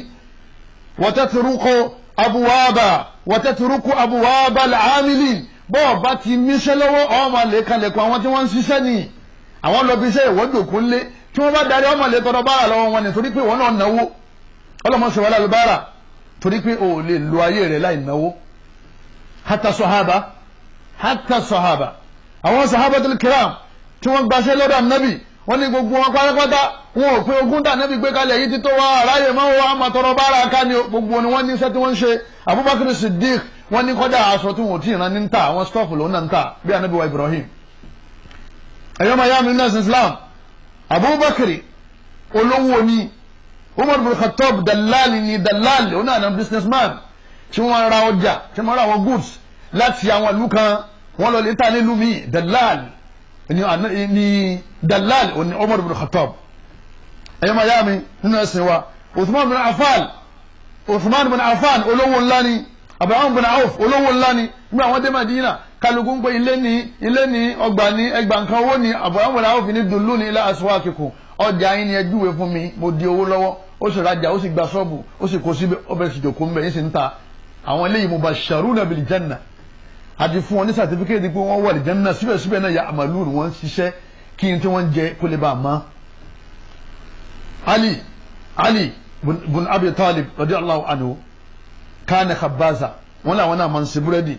wọ́tẹ́ turukọ abuwaaba wàtẹ́tùrúkú abuwaaba làámìlì bọ́ọ̀ bá ti níṣẹ́ lọ́wọ́ ọmọ lè kalẹ̀kùn àwọn tí wọ́n ń ṣiṣẹ́ ni àwọn lọ bí iṣẹ́ ìwọ́dòkú ńlé tí wọ́n bá darí ọmọ lè tọrọ bára lọ́wọ́ wọn ni torí pé wọ́n náà náwó ọlọ́mọṣẹ́ wàhálà ló bára torí pé o lè lo ayé rẹ̀ láì náwó hata sọ̀hábà hata sọ̀hábà àwọn sọ̀hábà tó kiram tí wọ́n gbaṣẹ́ lọ́dọ̀ wọ́n ní gbogbo wọn pátápátá wọn ò pé ogún tà nẹ́bí gbé yìí títọ́ wa ráyè máa wọ amọ̀tọ́rọ bára ká ni gbogbo ni wọ́n ní iṣẹ́ tí wọ́n ń ṣe Abubakar Siddiq wọ́n ní kọ́dà aṣọ tí wọ́n ò tí ì ran ní ta àwọn stọ́ọ̀fù lòún ń ta bí anabi wa Ibrahim ẹ̀yọ́ máa yá mi nọ́ọ̀sì Islam Abubakar olówó ni Umar bin Khattab dalali ni dalali ó náà na businessman tí wọ́n ra ọjà tí wọ́n ra àwọn goods láti àwọn ìlú kan wọ́n lọ lè ta nílùú mi dalali ni ni dalal oni Umar ibn Khattab ẹ̀yọ́ máa yá mi nínú ẹ̀sìn wa Uthman ibn Affan Uthman ibn Affan olówó ńlá ni Abraham ibn Auf olówó ńlá ni nígbà wọn dé Madina kálukú ń pé ilé ní ilé ní ọgbà ní ẹgbà nǹkan owó ní Abraham ibn Auf ní dùlú ní ilá aswaqikum ọjà yín ni ẹjúwe fún mi mo di owó lọ́wọ́ ó sì rajà ó sì gba ṣọ́ọ̀bù ó sì kó síbẹ̀ ó bẹ̀rẹ̀ sì jòkó ń bẹ̀ yín sì ń ta àwọn eléyìí mubashsharuna bil janna àti fún wọn ní sàtífíkẹ́tì pé wọ́n wà lè jẹ́ náà síbẹ̀síbẹ̀ náà ya àmàlù ni wọ́n ń ṣiṣẹ́ kí n tí wọ́n ń jẹ kó lè bá a mọ́. ali ali bun abi talib radiyallahu anhu kánà khabaza wọn làwọn náà máa ń ṣe búrẹ́dì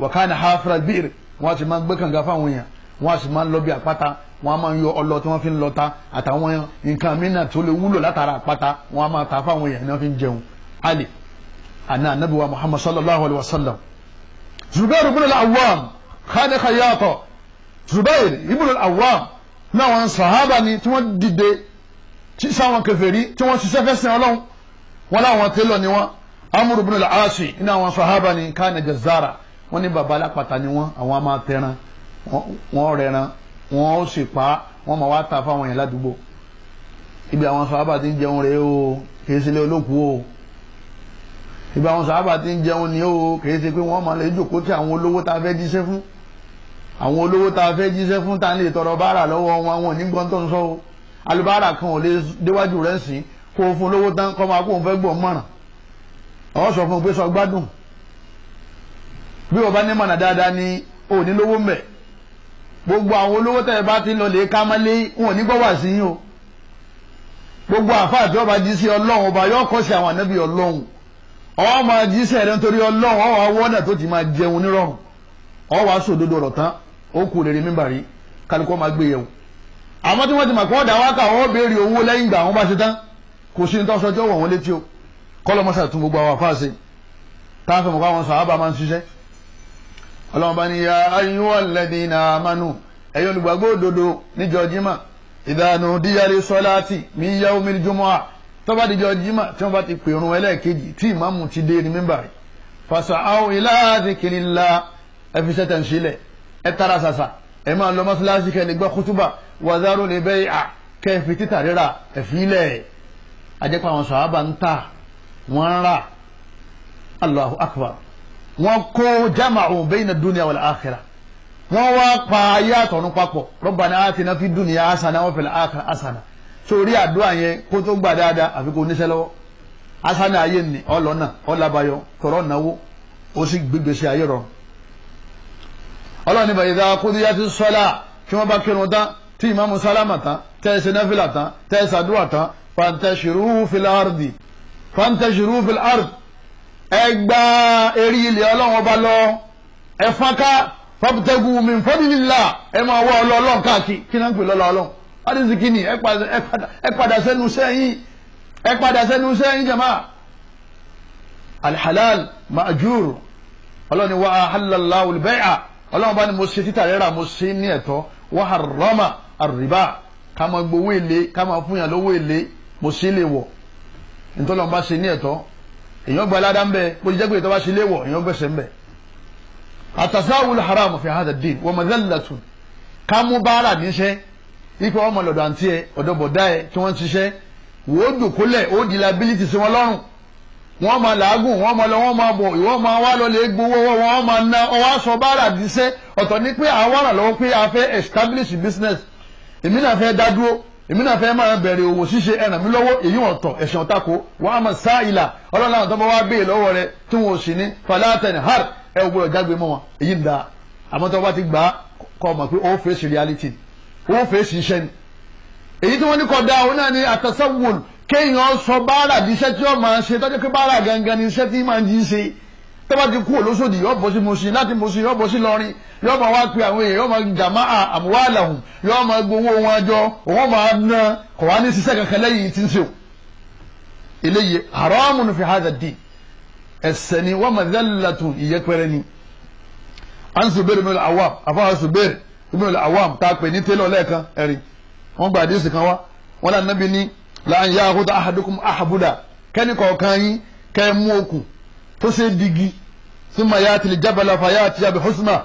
wà kánà hafra bíir wọn àti máa ń gbé kànga fáwọn èèyàn wọn àti máa ń lọ bí àpáta wọn a máa ń yọ ọlọ tí wọn fi ń lọ ta àtàwọn nǹkan mìíràn tó lè wúlò látara àpáta wọn a máa ta fáwọn èèyàn náà fi ń jẹun ali àná anabiwa muhammad sallallahu alayhi wa sallam Zubair ibn al-Awwam kane khayato Zubair ibn al-Awwam náà wọn sàhábà ni tí wọ́n dìde tí sáwọn kèfèrí tí wọ́n ṣiṣẹ́ fẹ́ sin Ọlọ́run wọn láwọn télọ̀ ni wọn Amr ibn al-Asi iná àwọn sàhábà ni kane jazara wọ́n ní baba alápàtà ni wọn àwọn a máa tẹran wọ́n rẹran wọ́n ó sì pa wọ́n máa wá ta fáwọn ibi àwọn sàhábà ti ń o kì í sílé olókùú ìgbà àwọn sàábà ti ń jẹun ni ó kìí ṣe pé wọ́n máa lè jókòó tí àwọn olówó tá a fẹ́ jíṣẹ́ fún àwọn olówó tá a fẹ́ jíṣẹ́ fún tá a lè tọrọ báárà lọ́wọ́ wọn àwọn onígbọ́n tó ń sọ o alubáárà kan ò lè déwájú rẹ̀ ń sìn kó o fún olówó tán kọ́ máa kó o fẹ́ gbọ̀ mọ̀ràn ọ̀ sọ fún un pé sọ gbádùn bí wọ́n bá ní mọ̀nà dáadáa ni o ò ní lówó mẹ́ gbogbo àwọn olówó tẹ̀ bá ti lọ lè ká mọ́lé wọn ò ní gbọ́ wà sí yín o gbogbo àfáà tí wọ́n bá sí ọlọ́run ọba yóò kọ́ sí àwọn ànábì ọlọ́run ọ máa jíṣẹ́ rẹ nítorí ọlọ́run ọ wá tó ti máa jẹun nírọ̀rùn ọ wá sòdodo ọ̀rọ̀ tán ó kú rere mímbà rí kálukọ́ máa gbé yẹun àmọ́ tí wọ́n ti mọ̀ kọ́ ọ̀dà wákà wọ́n béèrè owó lẹ́yìn ìgbà wọn bá ṣe tán kò sí wọ̀ wọ́n létí o kọ́lọ́ mọ́ṣá tún gbogbo àwọn àfáàṣe táwọn fẹ́ mọ̀ káwọn sàhábà máa ń ṣiṣẹ́ ọlọ́run bá ní ya tó bá dijọ́ jimá tí wọ́n bá ti pè irun ẹlẹ́ẹ̀kejì tí ìmáàmù ti dé ní mímbà rẹ̀ fàṣà àwọn ilá àdìkìrìlá ẹ fi sẹ́tẹ̀ ń sílẹ̀ ẹ tara ṣàṣà ẹ máa lọ mọ́ṣáláṣí kẹ́ lè gbọ́ kútúbà wàzárò lè bẹ́ à kẹ́ fi títà rírà ẹ fi ilẹ̀ ajẹ́pọ̀ àwọn sàhábà ń tà wọ́n rà Allahu akbar wọ́n kó jama'u bayna dunya wal akhirah wọ́n wá pa ayé àtọ̀run papọ̀ rabbana atina fid dunya hasana wa fil akhirati hasana sórí àdúrà yẹn kó tó gbà dáadáa àfi kó níṣẹ́ lọ́wọ́ asánà ayé ni ọlọ́nà ọlábàyọ tọrọ náwó ó sì gbégbèsè ayé rọ. ọlọ́ọ̀ni bàyìí dáa kó díyà ti sọ́lá kí wọ́n bá kírun tán tí ìmáàmù sálámà tán tẹ́sí náfìlà tán tẹ́sí àdúrà tán fantashiru fil ardi fantashiru fil ardi ẹ gba eré ilẹ̀ ọlọ́wọ́n bá lọ ẹ fọ́nká fọ́pútẹ́gù min fadlillah ẹ máa wá ọlọ́ọ̀lọ́ káàkiri kí náà ń pè lọ́lọ́ ọlọ́ọ̀ arizikì ni ẹ padà sẹ́nu sẹ́yìn ẹ padà sẹ́nu sẹ́yìn jama alhalal ma'jur ọlọ́ni wa ahallallahu al-bay'a ọlọ́run bá ní mo ṣe títà rírà mo ṣe ní ẹ̀tọ́ wa harrama ar-riba ká máa gbowó èlé ká máa fún yàn lówó èlé mo ṣe lè wọ̀ nítorí wọn bá ṣe ní ẹ̀tọ́ èèyàn gba aládá ń bẹ bó jẹ́ pé ìtọ́ bá ṣe lè wọ̀ èèyàn gbẹ̀sẹ̀ ń bẹ. àtàsáwùl haram fi hadha ad-din wa wípé ọmọ lọ́dọ̀ àǹtí ẹ ọ̀dọ̀ bọ̀dá ẹ tí wọ́n ń ṣiṣẹ́ wò ó dòkólẹ̀ ó di liability sí wọn lọ́rùn wọ́n máa làágùn wọ́n máa lọ wọ́n máa bọ̀ ìwọ máa wá lọ lè gbowó wọn wọ́n máa ná ọwọ́ aṣọ báárà díṣẹ́ ọ̀tọ̀ ni pé àwọn ràn lọ́wọ́ pé a fẹ́ establish business èmi náà fẹ́ dá dúró èmi náà fẹ́ máa bẹ̀rẹ̀ òwò ṣíṣe ẹ ràn mí lọ́wọ́ èyí ọ̀tọ̀ ẹ̀sìn ọ̀tako wọ́n á máa sá ìlà ọlọ́run àwọn tó bá wá béè lọ́wọ́ rẹ tí wọn ò sì ní falatan har ẹ gbọ́dọ̀ jágbe mọ́ wọn èyí ń da àmọ́ tó bá ti gbà á kọ́ ọ mọ̀ pé ó face reality wọ́n fèsì iṣẹ́ ni èyí tí wọ́n ní kọ́ da òun náà ni àtẹ̀sẹ́wò kéèyàn sọ báárà di iṣẹ́ tí ó máa ṣe tọ́jú pé báárà gangan ni iṣẹ́ tí máa ń jí ṣe tó bá ti kú olóṣòdì yóò bọ́ sí Mùṣín láti Mùṣín yóò bọ́ sí lọ́rin yóò máa wá pe àwọn èèyàn yóò máa jàmá àmúwá àlàhùn yóò máa gbowó wọn jọ òun máa ná kò wá ní ṣiṣẹ́ kankan lẹ́yìn tí ń ṣe o eléyìí haramun fi hadha din ẹ̀ṣẹ̀ ni wa madhallatun ìyẹpẹrẹ ni à ń Zubair ibn al-Awwam àfọwọ́ Zubair ibùdó awam tá a pè ní télọ̀ lẹ́ẹ̀kan ẹ̀rí wọ́n gba àdéhùn kan wá wọ́n lànà bí ní láàyè ya'khudha ahadukum ahabuda kẹ́ni kọ̀ọ̀kan yín kẹ́ ẹ mú okùn tó ṣe digi thumma ya'ti al-jabala faya'ti bi husma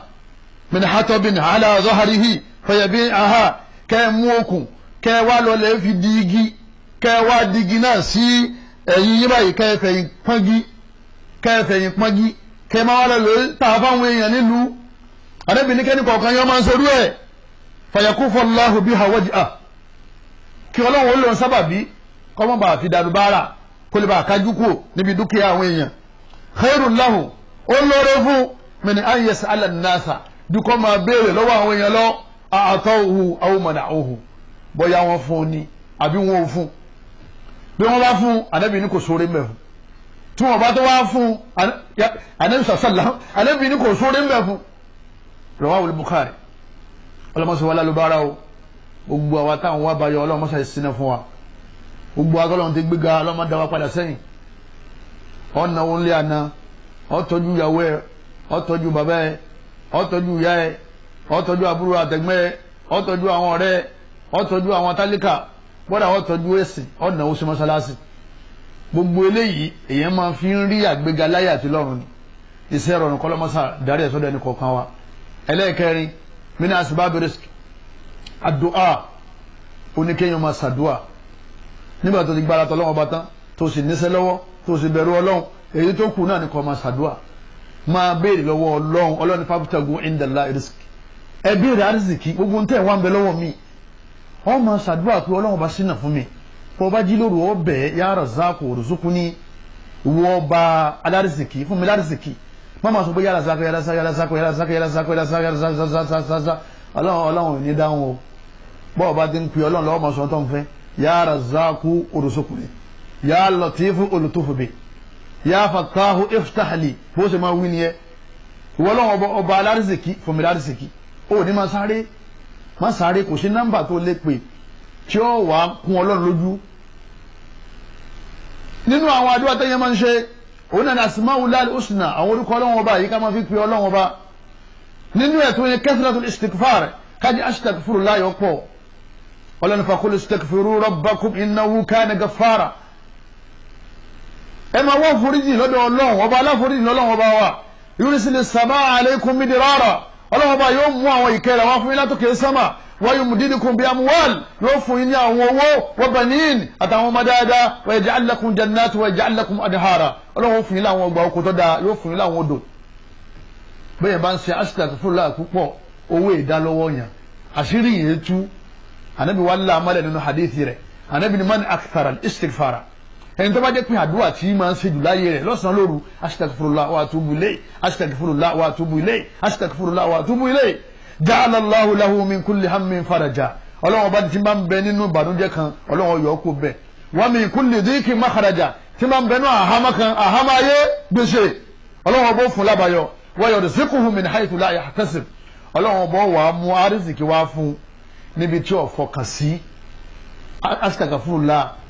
min hatabin ala zahrihi fayabi'aha kẹ́ ẹ mú okùn kẹ́ ẹ wá lọ lẹ́ẹ̀ fi digi kẹ́ ẹ wá digi náà sí ẹ̀yìn yín báyìí kẹ́ ẹ fẹ̀yìn pọ́ngi kẹ́ ẹ fẹ̀yìn pọ́ngi kẹ́ ẹ má wá lọ lọ́ọ́ tà fáwọn èèyàn nílùú àdébì ní kẹ́ni kọ̀ọ̀kan yẹn máa ń sorú ẹ̀ fàyàkú fọláhù bí hawájú à kí ọlọ́run ó lọ sábàbí kọ́mọ́ bá fi dànù bára kó lè bá kájú kù níbi dúkìá àwọn èèyàn khairun lahu ó lóore fún mẹni ayes alanasa dukọ́ máa béèrè lọ́wọ́ àwọn èèyàn lọ àtọ́ òhu àwọn mọ̀nà òhu bọ́yá wọn fún ni àbí wọn ò fún bí wọ́n bá fún un àdébì kò sóore mẹ́fún tí wọ́n bá tó wá fún un àdébì sàṣàlá àdébì kò sóore mẹ́fún un rọwáwò Bukhari ọlọ́mọsọ wa lálùbárà o gbogbo àwa táwọn wá bayọ ọlọ́mọsọ ìsinà fún wa gbogbo agọ́lọ́n ti gbéga ọlọ́mọdé wa padà sẹ́yìn ọ̀nà òun lé àná ọ̀tọ́jú ìyàwó ẹ̀ ọ̀tọ́jú bàbá ẹ̀ ọ̀tọ́jú ìyá ẹ̀ ọ̀tọ́jú àbúrò àtẹ̀gbẹ́ ẹ̀ ọ̀tọ́jú àwọn ọ̀rẹ́ ẹ̀ ọ̀tọ́jú àwọn tálíkà bọ́dà ọ̀tọ́jú ẹ̀sìn ọ̀nà òun sí mọ́sálásì gbogbo eléyìí èèyàn máa fi ń rí àgbéga láyé àti lọ́run iṣẹ́ ìrọ̀rùn kọ́lọ́mọ́sà dárí ẹ̀sọ́dọ̀ ẹni kọ̀ọ̀kan wa ẹlẹ́ẹ̀kẹrin mina asibabi risk adu'a oníkéyàn máa ṣàdúà nígbà tó ti gbára tọ́ lọ́wọ́ bá tán tó sì níṣẹ́ lọ́wọ́ tó sì bẹ̀rù ọlọ́run èyí tó kù náà ni kò máa ṣàdúà máa béèrè lọ́wọ́ ọlọ́run ọlọ́run ní fàbùtàgùn ìndàlá risk ẹ béèrè arísìkì gbogbo ń wá ń bẹ lọ́wọ́ mi ọ máa pé ọlọ́run bá sínà fún mi bọ́ bá jí lóru ọ bẹ̀ ya Razzaq òrùsùkú ní ìwọ ọba alárísìkì fún mi lárísìkì wọ́n máa sọ pé yàrá sáko yàrá sáko yàrá sáko yàrá sáko yàrá sáko yàrá sáko yàrá sáko yàrá sáko yàrá ọlọ́run ọlọ́run ní dáhùn o bọ́ọ̀ bá ti ń pè ọlọ́run lọ́wọ́ mọ̀sán tó ń fẹ́ ya Razzaku olùsókùnrin ya Latifu olùtófòbe ya Fattahu iftahli bó ṣe máa wí ni ẹ ìwọ ọlọ́run ọba alárìsìkí fún mi lárìsìkí ó ní máa sáré máa sáré kò sí nọ́mbà tó lè pè tí ó wàá kún ọlọ́run lójú nínú àwọn àdúrà tẹ́yẹ máa ń ṣe òun náà asmaul lal husna àwọn orúkọ ọlọ́wọ́n ọba yìí ká máa fi pe ọlọ́wọ́n ọba nínú ẹ̀ tó yẹ kathratul istighfar kájí astaghfirullah pọ̀ ọlọ́ni faqul istaghfiru rabbakum innahu kana ghaffara ẹ máa wọ́n foríjì lọ́dọ̀ ọlọ́wọ́n ọba aláforíjì lọ́lọ́wọ́n ọba wa yursil as-samaa alaykum ọlọ́wọ́ bá yóò mú àwọn ìkẹrẹ wá fún yín látòkè sánmà wọ́n yóò mú dídìkùn bíi amúwàl yóò fún yín ní àwọn owó wọ́n bẹ̀ níyìn àtàwọn ọmọ dáadáa wọ́n ẹ̀jẹ̀ alákùn jannat wọ́n ẹ̀jẹ̀ alákùn adahara ọlọ́wọ́ fún yín láwọn ọgbà oko tó dáa yóò fún yín láwọn odò bẹ́ẹ̀ bá ń ṣe asitag fúnra púpọ̀ owó ìdálọ́wọ́ yẹn àṣírí yẹn tú anabi wàllá amálẹ̀ nínú hadith rẹ̀ anabi ni man akthara istighfara ẹni tó bá jẹ́ pé àdúrà tí máa ń ṣe jù láyé rẹ̀ lọ́sàn-án lóru aṣítàkìfúrúlá wa túbú ilé aṣítàkìfúrúlá wa túbú ilé aṣítàkìfúrúlá wa túbú ilé ja'ala Allahu lahu min kulli hammin faraja ọlọ́wọ́n bá ti máa ń bẹ nínú ìbànújẹ́ kan ọlọ́wọ́n yọ ọ́ kó bẹ̀ wa min kulli dhiqin makhraja ti máa ń bẹ nínú àhámọ́ kan àhámọ́ ayé gbèsè ọlọ́wọ́n bó fún lábàáyọ wa yarzuquhu min haythu la yahtasib ọlọ́wọ́n bó wàá mú arísìkì wá fún níbi tí ò fọkàn sí aṣítàkìfúrúlá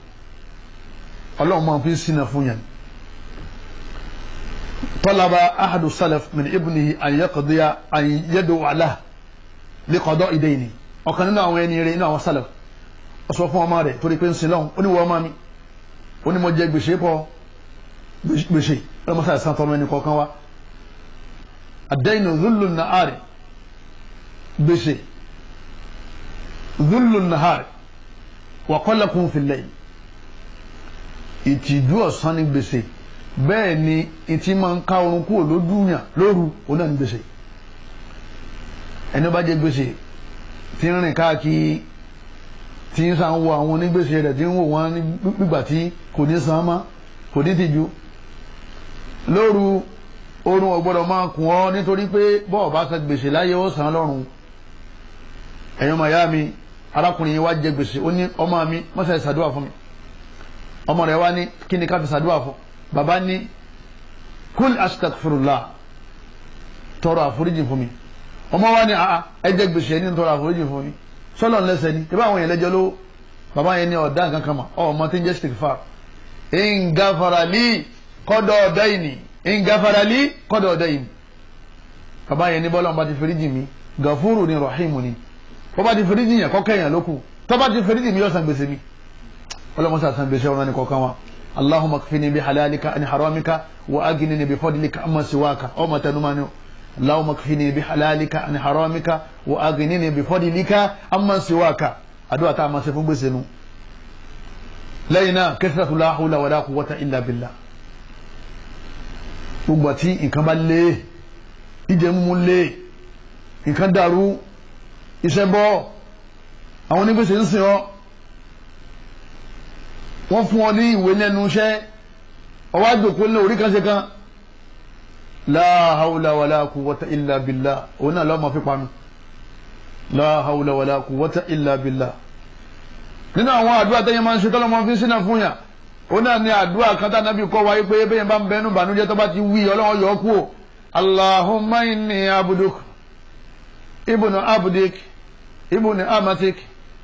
اللهم في سنة فنين طلب أحد السلف من ابنه أن يقضي أن يدعو له لقضاء ديني وكان هنا ويني رينا وسلف أصوفه ماري تري بين سلام وني ومامي وني مجيك بشي بو بشي لما سأل سنطر مني كوكاوا الدين ذل النهار بشي ذل النهار وقلكم في الليل ìtìjú ọ̀sán ní gbèsè bẹ́ẹ̀ ni ìtì máa ń ká orun kúrò lójúyàn lóru òun náà ní gbèsè ẹni bá jẹ gbèsè tí ń rìn káàkiri tí ń san wo àwọn onígbèsè rẹ̀ tí ń wò wọ́n nígbà tí kò ní san mọ́ kò ní tìjú lóru orun ọ̀gbọ́dọ̀ máa kùn ọ́ nítorí pé bọ́ọ̀ bá san gbèsè láyé ó san lọ́run ẹ̀yọ́ màyá mi arákùnrin yìí wá jẹ gbèsè ó ní ọmọ mi mọ́sẹ̀ ṣàdúrà fún mi ọmọ rẹ̀ wá ní kí ni ká fi ṣàdúrà fún bàbá ní kúl astaghfirullah tọrọ àforíjì fún mi ọmọ wa ní àá ẹjẹ gbèsè ní tọrọ àforíjì fún mi sọlọ ńlẹsẹ ni ìbá àwọn yẹn lẹjọ lówó bàbá yẹn ní ọ̀dá nǹkan kan mà ọmọ tí ń jẹ́ istighfar ìǹgàfàràlì kọ́dọ̀ ọ̀dọ́ ìní ìǹgàfàràlì kọ́dọ̀ ọ̀dọ́ ìní bàbá yẹn ní bọ́lá ọba ti fèrè jì mí ni rahimu ni bọ́ba ti fèrè jì yàn kọ́kẹ́ yàn lókù tọ́ba ti fèrè jì mí yọ̀sán mi ọlọ́mọṣẹ́ àti àbẹ̀ṣẹ́ wọn ní kọ̀ọ̀kan wa allahumma kfini bi halalika ani haramika wa aginini bi fadlika amma siwaka ọmọ tẹnumani o اللهم اكفني بحلالك عن حرامك واغنني بفضلك عمن سواك ادعو تا ما سفن بسنو لينا كثرة لا حول ولا قوة إلا بالله gbogbo àti nǹkan bá lé ìjẹ mímú lé nǹkan dàrú iṣẹ́ bọ́ àwọn onígbèsè ń sìn ọ́ wọ́n fún ọ ní ìwé lẹ́nu iṣẹ́ ọwọ́ àjòkó ní orí kan ṣe kan la hawla wala quwwata illa billah òun náà lọ́mọ fi panu la hawla wala quwwata illa billah nínú àwọn àdúrà tẹ́yìn máa ń ṣe tọ́lọ́mọ fi ń sínà fún yà ó náà ní àdúrà kan tá nàbí kọ́ wáyé pé bẹ́yẹn bá ń bẹnu bànújẹ́ tó bá ti wí ọlọ́run yọ kú o allahumma inni abuduk ibnu abdik ibnu amatik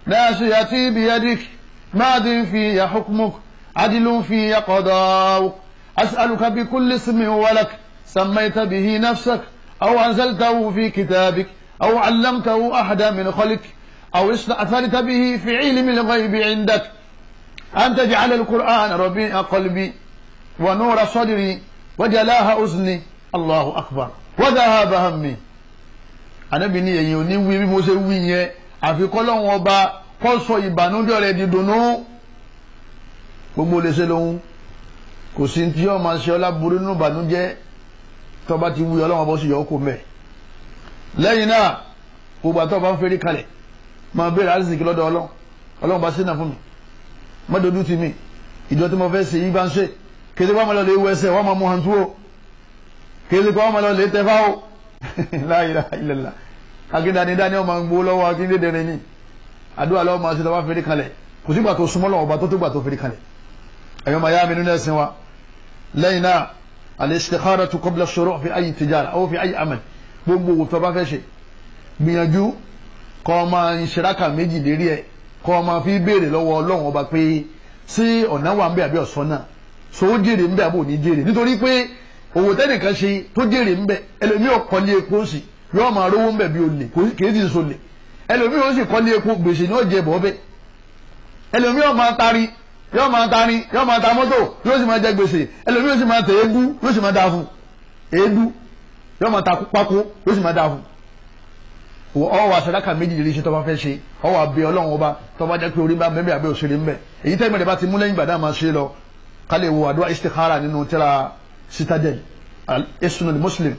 nasiyati biyadik. ماد في حكمك عدل في قضاؤك أسألك بكل اسم ولك سميت به نفسك أو أنزلته في كتابك أو علمته أحدا من خلقك أو استأثرت به في علم الغيب عندك أن تجعل القرآن ربيع قلبي ونور صدري وجلاها أذني الله أكبر وذهاب همي أنا بني يوني ويبي موسى ويني أفي قولون وبا kó sọ ìbànújẹ́ rẹ̀ di dùnú gbogbo lèṣe lòun kò sí ti yọ máa ṣe ọlá burú nínú ìbànújẹ́ tó bá ti wuyọ ọlọ́wọ́n bó sì yọ ọkọ mẹ́ lẹ́yìn náà gbogbo àtọ́ bá ń ferí kalẹ̀ máa béèrè àrísìkí lọ́dọ̀ ọlọ́run ọlọ́run bá sínà fún mi mọ́dọ̀dú ti mi ìjọ tí mo fẹ́ ṣe yí bá ń ṣe kéde wọ́n máa lọ lè wọ ẹsẹ̀ wọ́n máa mú hàn tú o kéde kọ́ wọ́n máa lọ lè tẹ́fà o (laughs) la ilaha illallah akíndani dání ọmọ ń gbó lọ́wọ́ akíndédèrè ni àdúrà lọ́wọ́ máa ṣe tó bá fèrè kalẹ̀ kò sígbà tó súnmọ́ lọ́wọ́ bá tó tó gbà tó fèrè kalẹ̀ ẹ̀yọ́ màá yá mi nínú ẹ̀sìn wa lẹ́yìn náà al-istikharatu qabla ash-shuru' fi ayyi tijara aw fi ayyi amal gbogbo òwò tó bá fẹ́ ṣe gbìyànjú kọ́ máa ń ṣeraka méjì lérí ẹ̀ kọ́ máa fi béèrè lọ́wọ́ ọlọ́run ọba pé sí ọ̀nà wà ń bẹ àbí ọ̀sán náà so ó jèrè ń bẹ àbò ní jèrè nítorí pé òwò tẹ́nìkan ṣe tó jèrè ń bẹ ẹlòmíì ọ̀kọ́lé epo sí yóò máa rówó ń bẹ bí olè kò ẹlòmíì ó sì kọ́lé epo gbèsè ní ọ̀jẹ̀ bọ̀ bẹ́ẹ̀ ẹlòmíì ó máa tari yóò máa tari yóò máa ta mọ́tò yóò sì máa jẹ gbèsè ẹlòmíì ó sì máa tẹ eégú yóò sì máa da fún eégú yóò máa ta pákó yóò sì máa da fún ọwọ́ àsàdáka méjìlél ṣe tọ́ba fẹ́ ṣe ọwọ́ àbẹ ọlọ́run ọba tọ́ba jẹ́ pé orí bá mẹ́mẹ́ àbẹ́ òṣèré ń bẹ̀ èyí tẹ́ ìmọ̀lẹ́ bá ti mú lẹ́yìn gbàdá máa ṣe lọ ká lè wo àdúrà istikhara nínú tírà citadel al muslim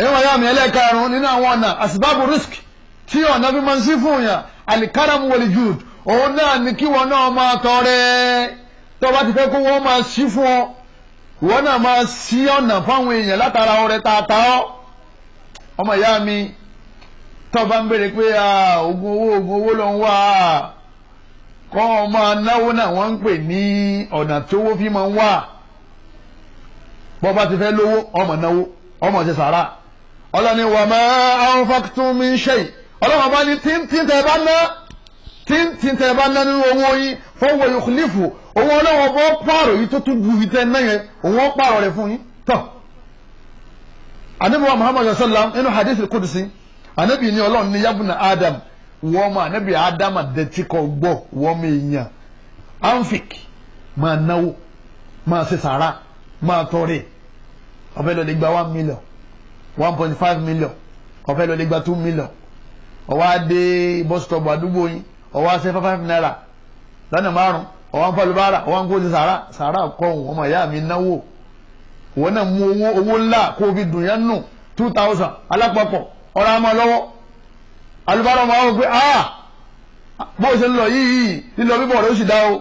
ẹ̀yìn wọn yá mi ẹlẹ́ẹ̀karùn-ún nínú àwọn risk tí ọ̀nà fi máa ń sí fún yàn alikaramu walijud òun náà ni kí wọn náà máa tọrẹ tó bá ti fẹ́ kó wọ́n máa ọ wọn náà máa sí ọ̀nà fáwọn èèyàn látara ọrẹ ọ ọmọ ya mi tó bá ń béèrè pé oògùn owó oògùn owó ló ń wá kọ́ ọ ọlọ́ni wà má anfaqtum min shay ọlọ́wọ́n bá ní tíntín tẹ̀ bá ná tíntín tẹ̀ bá ná nínú owó yín fọwọ́ yukhlifu owó ọlọ́wọ́n bọ́ pààrọ̀ yìí tó tún ju ìtẹ́ náà yẹn òun ó pààrọ̀ rẹ̀ fún yín tọ̀. anabiwa muhammadu sallam inú hadith kudusi anabi ni ọlọ́run ni yabuna adam wọ́n ma anabi adam adẹ́tí kọ́ gbọ́ wọ́n ma èèyàn anfik máa náwó máa ṣe sàrà máa tọrẹ ọbẹ̀ lọ́ọ́ one point five million ọ̀fẹ́ lọ́ọ́ lè gba two million ọwọ́ adé bus stop àdúgbò yín ọwọ́ asẹ́ five naira lọ́nà márùn ọwọ́ pàlùbárà ọwọ́ nkó ti sàrà sàrà kọ́hún ọmọ ìyá mi náwó wọn náà mú owó owó ńlá kó o fi dùn yẹn nù two thousand alápapọ̀ ọ̀rọ̀ àmọ́ lọ́wọ́ alùbárà ọmọ àwọn pé ah bó o ṣe ń lọ yìí lílọ bíbọ̀ rẹ̀ ó dá o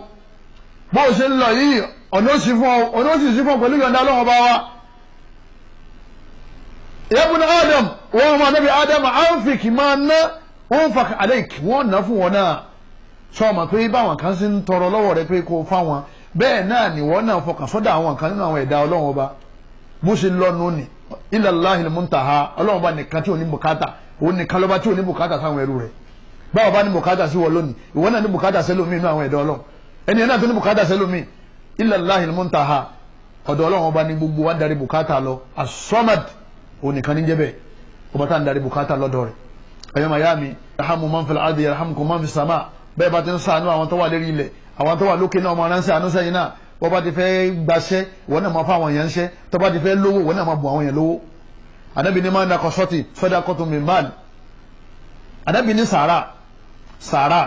bó o ṣe ń lọ yìí ọ̀nà ó fún ọ ọ̀nà ó sí fún ọ pẹ̀lú ìyọ̀ǹda ọlọ́run ọba wa ìyẹ́bùn adam wọ́n máa nẹ́bí adam anfik máa ná wọ́n fa alek wọ́n ná fún wọn náà sọ ma pé báwọn kan sì ń tọrọ lọ́wọ́ rẹ pé kó fáwọn bẹ́ẹ̀ náà ni wọ́n náà fọkàn sọ́dọ̀ àwọn kan nínú àwọn ẹ̀dá ọlọ́wọ́n ọba bó ṣe lọ́nu ni ila Allahi al-muntaha ọlọ́wọ́n ọba nìkan tí ò ní bùkátà òun nìkan lọ́ba tí ò ní bùkátà sáwọn ẹrú rẹ̀ báwo bá ní bùkátà sí wọn lónìí ìwọ náà ní bùkátà sẹ́lómi inú àwọn ẹ̀dá ọlọ́wọ́n ẹni náà tó ní bùkátà sẹ́lómi ila Allahi al-muntaha ọ̀dọ̀ ọlọ́wọ́n ọba ní gbogbo wa darí bùkátà lọ as onìkan ní jẹ́bẹ̀ ọba tá à ń darí bùkátà lọ́dọ̀ rẹ̀ ẹ̀yọ́ màyá mi rahamu man fil adi yarhamukum man fis sama bẹ́ẹ̀ bá ti ń sànú àwọn tó wà lérí ilẹ̀ àwọn tó wà lókè náà ọmọ aránsẹ́ àánú sẹ́yìn náà wọ́n bá ti fẹ́ gbaṣẹ́ wọ́n náà máa fún àwọn èèyàn ṣẹ́ tó bá ti fẹ́ lówó wọ́n náà máa bùn àwọn èèyàn lówó anabi ni máa ń sọ́ọ̀tì fẹ́dà kọ́tù min mal anabi ni sàárà sàárà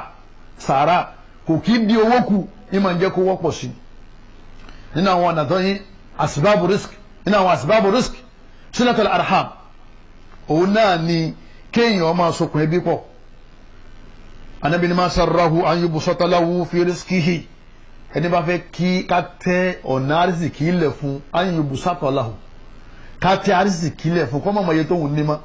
sàárà kò kí di owó kù ní máa jẹ́ kó wọ́pọ̀ sí nínú àwọn ànàtọ́ yín asibabu risk nínú àwọn asibabu risk silatul arham òun náà ni kéèyàn máa sokùn ẹbí pọ̀ anabi ni máa sarrahu an yubsata lahu fi rizqihi ẹni bá fẹ́ kí ká tẹ ọ̀nà arísìkí lẹ̀ fún an yubsata lahu ká tẹ arísìkí lẹ̀ fún kọ́ mọ̀mọ́ iye tó ń ní ma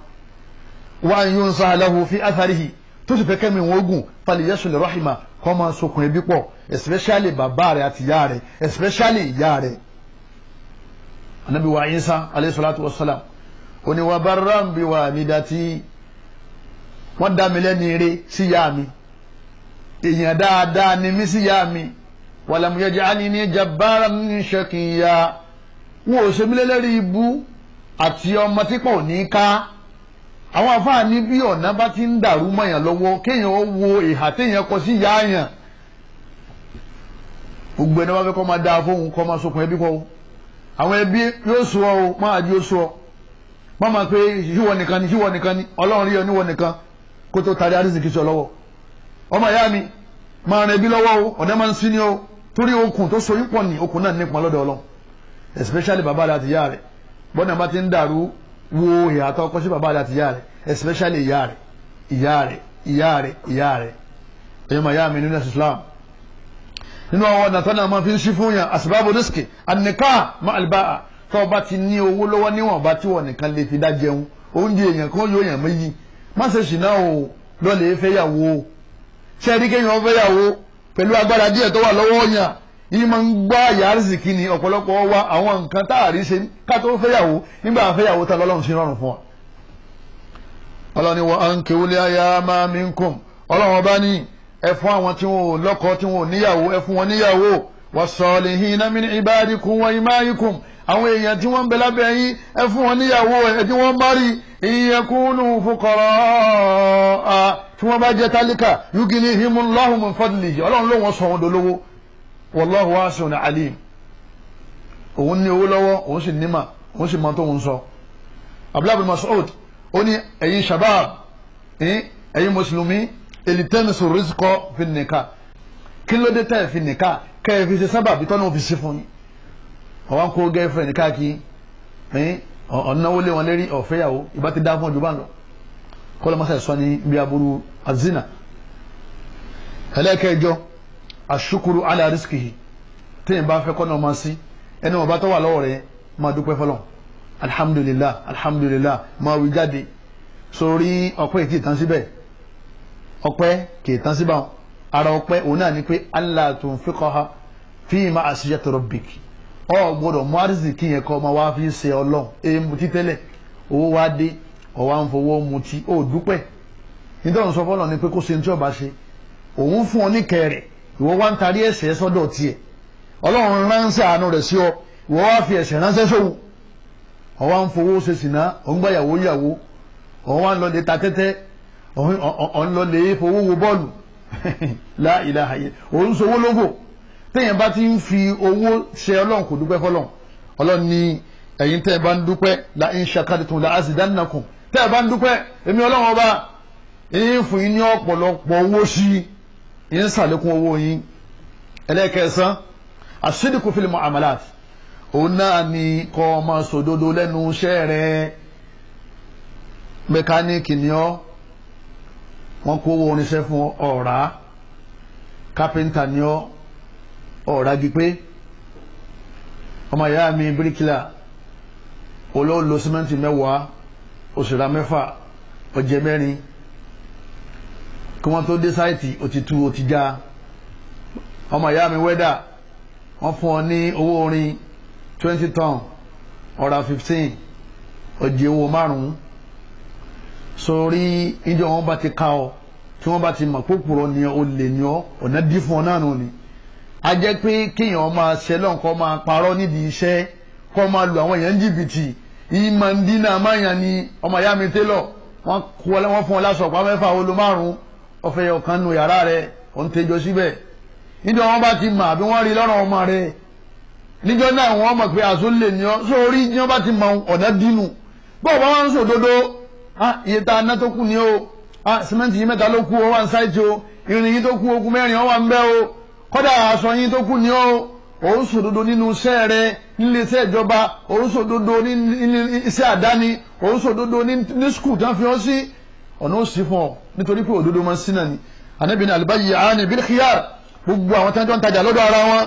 wa an yunsaha lahu fi atharihi tó sì fẹ́ kẹ́mi wọn ogun falyasil rahima kọ́ máa sokùn ẹbí pọ̀ especially bàbá rẹ̀ àti ìyá rẹ̀ especially ìyá rẹ̀ anabi wa isa alayhi salatu wa salam oni wa barran bi walidati wọ́n dá mi lẹ́ni eré síyá mi èèyàn dáadáa ni mí síyá mi walam yaj'alni jabbaran shaqiyya wọn ò ṣe mí lélẹ́rí ibú àti ọmọ tí pọ̀ ní ká àwọn afáàní bí ọ̀nà bá ti ń dàrú mọ̀yàn lọ́wọ́ kéèyàn ó wo ìhà téèyàn kọ sí ìyá àyàn gbogbo ẹni wọn fẹ́ kọ́ máa dáa fóun kọ́ máa sokùn ẹbí kọ́ o àwọn ẹbí yóò sọ ọ máa di oṣù ọ má máa pé ṣíwọ nìkan ni ṣíwọ nìkan ni ọlọ́run rí ọ níwọ nìkan kó tó tari arísìkì sọ lọ́wọ́ ọmọ ìyá mi máa rìn ẹbí lọ́wọ́ o ọ̀dẹ́ máa ń sin ni o torí okùn tó so yín pọ̀ ní okùn náà nípọn lọ́dọ̀ ọlọ́run especially bàbá rẹ àti ìyá rẹ bọ́dà bá ti ń dàrú wo ìyá tó kọ́ sí bàbá rẹ àti ìyá rẹ especially ìyá rẹ ìyá rẹ ìyá rẹ ìyá rẹ ẹ̀yọ́ Islam nínú àwọn ọ̀nà tọ́nà máa fi ń ṣí fún yàn àsìbábò rísìkì àníká máa bá a tó o bá ti ní owó lọ́wọ́ níwọ̀n bá tí wọ́n nìkan lè fi dá jẹun oúnjẹ èèyàn kan yóò yàn méjì má ṣe ṣìnà o lọ́lẹ̀ fẹ́yàwó o ṣe rí kéèyàn fẹ́yàwó pẹ̀lú agbára díẹ̀ tó wà lọ́wọ́ yàn yìí máa ń gbá àyà rísìkì ni ọ̀pọ̀lọpọ̀ wa àwọn nǹkan tá à rí ṣe ká tó fẹ́yàwó ẹ fún àwọn tí wọn ò lọ́kọ tí wọn ò níyàwó ẹ fún wọn níyàwó wassalihina min ibadikum wa imaikum àwọn èèyàn tí wọ́n ń bẹ lábẹ́ yín ẹ fún wọn níyàwó ẹ tí wọ́n márì ìyẹkùnú fúkọ̀rọ̀ à tí wọ́n bá jẹ́ tálíkà yugini himullahu min fadlihi ọlọ́run ló wọ́n sọ wọn dolówó wallahu wasi'un alim òun ní owó lọ́wọ́ òun sì nímà òun sì mọ tó ń sọ abdullahi bin ó ní ẹ̀yin shabab ẹ̀yin mùsùlùmí elitẹ́nisu rizikọ́ fi nìka kí ló dé tẹ́ ẹ̀ fi nìka kẹ́ ẹ̀ fi ṣe sábà bí tọ́nà òfìsí fún yín ọ̀wọ́n kó gẹ́fẹ̀ẹ́ nìka kí ọ̀nàwó lé wọn lérí ọ̀fẹ́yàwó ìbá ti dá fún ọjọ́ bá ń lọ kọ́lọ́mọ́sá ẹ̀ sọ ní azina ẹlẹ́kẹ̀ẹ́jọ asukuru ala risikihi téèyàn bá fẹ́ kọ́ náà máa sí ẹni wọn bá tọ́wà lọ́wọ́ rẹ̀ máa dúpẹ́ fọlọ́n alhamdulillah alhamdulillah máa wí jáde sórí ọ̀pẹ́ ìtì ìtàn síbẹ̀ ọpẹ́ kìí tán síbà ara ọpẹ́ òun náà ni pé allah tó ń fikọ́ ha fi àṣìṣe tọrọ bìkì ọ gbọdọ mú àrísìkí yẹn ọmọ wa fi ṣe ọlọ́run èyí mutí owó wa dé ọ̀wá ń mutí ó dúpẹ́ nítorí sọ ni pé kó ọ ní ìwọ ń tarí ọ ìwọ fi sóhun ṣe sìnà òun lọ lè fowó wo bọ́ọ̀lù láìláhàyè (laughs) òun sowó lógò téèyàn bá ti ń fi owó ṣe ọlọ́run kò dúpẹ́ fọlọ́run ọlọ́run ni ẹ̀yin tẹ́ ẹ bá ń dúpẹ́ la in shakartum la azidannakum tẹ́ ẹ bá ń dúpẹ́ èmi ọlọ́run ọba yín fún yín ní ọ̀pọ̀lọpọ̀ owó sí i yín sàlékún owó yín ẹlẹ́kẹ̀ẹ́sán asidiku fil muamalat òun náà ni kọ́ ọmọ sòdodo lẹ́nu iṣẹ́ rẹ̀ mẹkáníìkì ni ọ́ wọ́n kó owó oníṣẹ́ fún ọ̀rá kápẹ́ńtà ni ọ́ ọ̀rá gípé ọmọ ìyá mi bíríkìlà olóòlò símẹ́ǹtì mẹ́wàá òṣèrà mẹ́fà ọ̀jẹ̀ mẹ́rin kí wọ́n tó dé sáìtì òtítù òtìjà ọmọ ìyá mi wẹ́dà wọ́n fún ọ ní owó orin twenty ton ọ̀rá fifteen ọ̀jẹ̀ owó márùn-ún sórí ìjọ wọn bá ti ká ọ tí wọn bá ti mọ kókòrò ni ọ lè ní ọ ọ̀nà dí fún ọ náà nù ni a jẹ́ pé kéèyàn máa ṣẹlọ́n kọ́ máa parọ́ nídìí iṣẹ́ kọ́ máa lu àwọn èèyàn jìbìtì yìí máa ń dínà máyàn ni ọmọ ìyá mi télọ̀ wọ́n kú ọ wọ́n fún ọ láṣọ ọ̀pá mẹ́fà olo márùn-ún ọ̀fẹ́ ọ̀kan nu yàrá rẹ ò tẹjọ síbẹ̀ níjọ wọn bá ti mọ àbí wọ́n rí lọ́rọ̀ ọmọ rẹ níjọ náà wọ́n mọ̀ pé àsọ lè ní ọ sórí ní wọ́n bá ti mọ ọ̀nà dínú bọ́ọ̀ bá wọn ń sòdodo ah iye tá a ná tó kù ní o ah sìmẹ́ǹtì yìí mẹ́ta ló kù ó wà ní sáìtì o irin yìí tó kù okùn mẹ́rin ó wà ń bẹ̀ o kọ́dà aṣọ yìí tó kù ní o òun sòdodo nínú iṣẹ́ rẹ nílé iṣẹ́ ìjọba òun sòdodo nílé iṣẹ́ àdáni òun sòdodo ní skul tán fi hàn sí ọ̀nà òsì fún ọ nítorí pé òdodo máa ń sínà ni anabi alibayi ani bilkiyar gbogbo àwọn tí wọ́n ń tajà lọ́dọ̀ ara wọn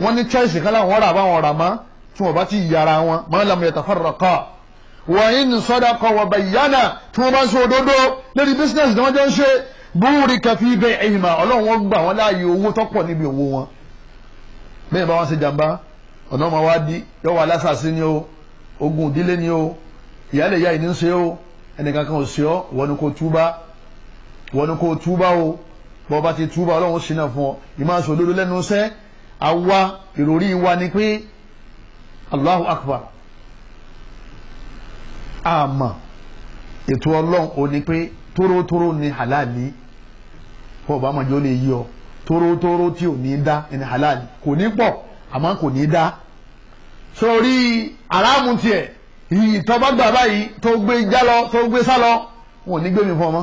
wọ́n ní choice kan láwọn ọ̀rà àbáwọn ọ̀rà mọ́ tí wọ́n bá ti yàrá wọn mọ́ lam yatafarraqa wọ̀nyí sọ́dọ̀kọ̀ wọ̀bẹ̀ yánà tí wọ́n bá ń ṣe òdodo lórí bísínẹ́sì tí wọ́n jọ ń ṣe búrì kẹfì bẹ́ ẹ̀yìnmá ọlọ́run wọn gbà wọn láàyè owó tọ́pọ̀ níbi owó wọn. bẹ́ẹ̀ wa di yọ̀wọ̀ ni o ogun ìdílé ni o ìyálẹ̀ ìyá ìní ń o ẹnìkan kan ò ṣe ọ́ wọ́n ni kò túbá wọ́n ni o bọ́ bá ti túbá ọlọ́run ó ṣe náà fún ọ ìmọ̀ àṣọ òdodo lẹ́nu iṣẹ́ àwa ìròrí wa ni pé Allahu Akbar àmọ́ ètò ọlọ́run ò ní pé tórótóró ni halali kó o bá mọ̀jọ́ lè yí ọ tórótóró tí ò ní dá ni halali kò ní pọ̀ àmọ́ kò ní dá sórí aráàmù tiẹ̀ iyì tọ́ba gbà báyìí tó gbé já lọ tó gbé sá lọ wọn ò ní gbé mi fún ọmọ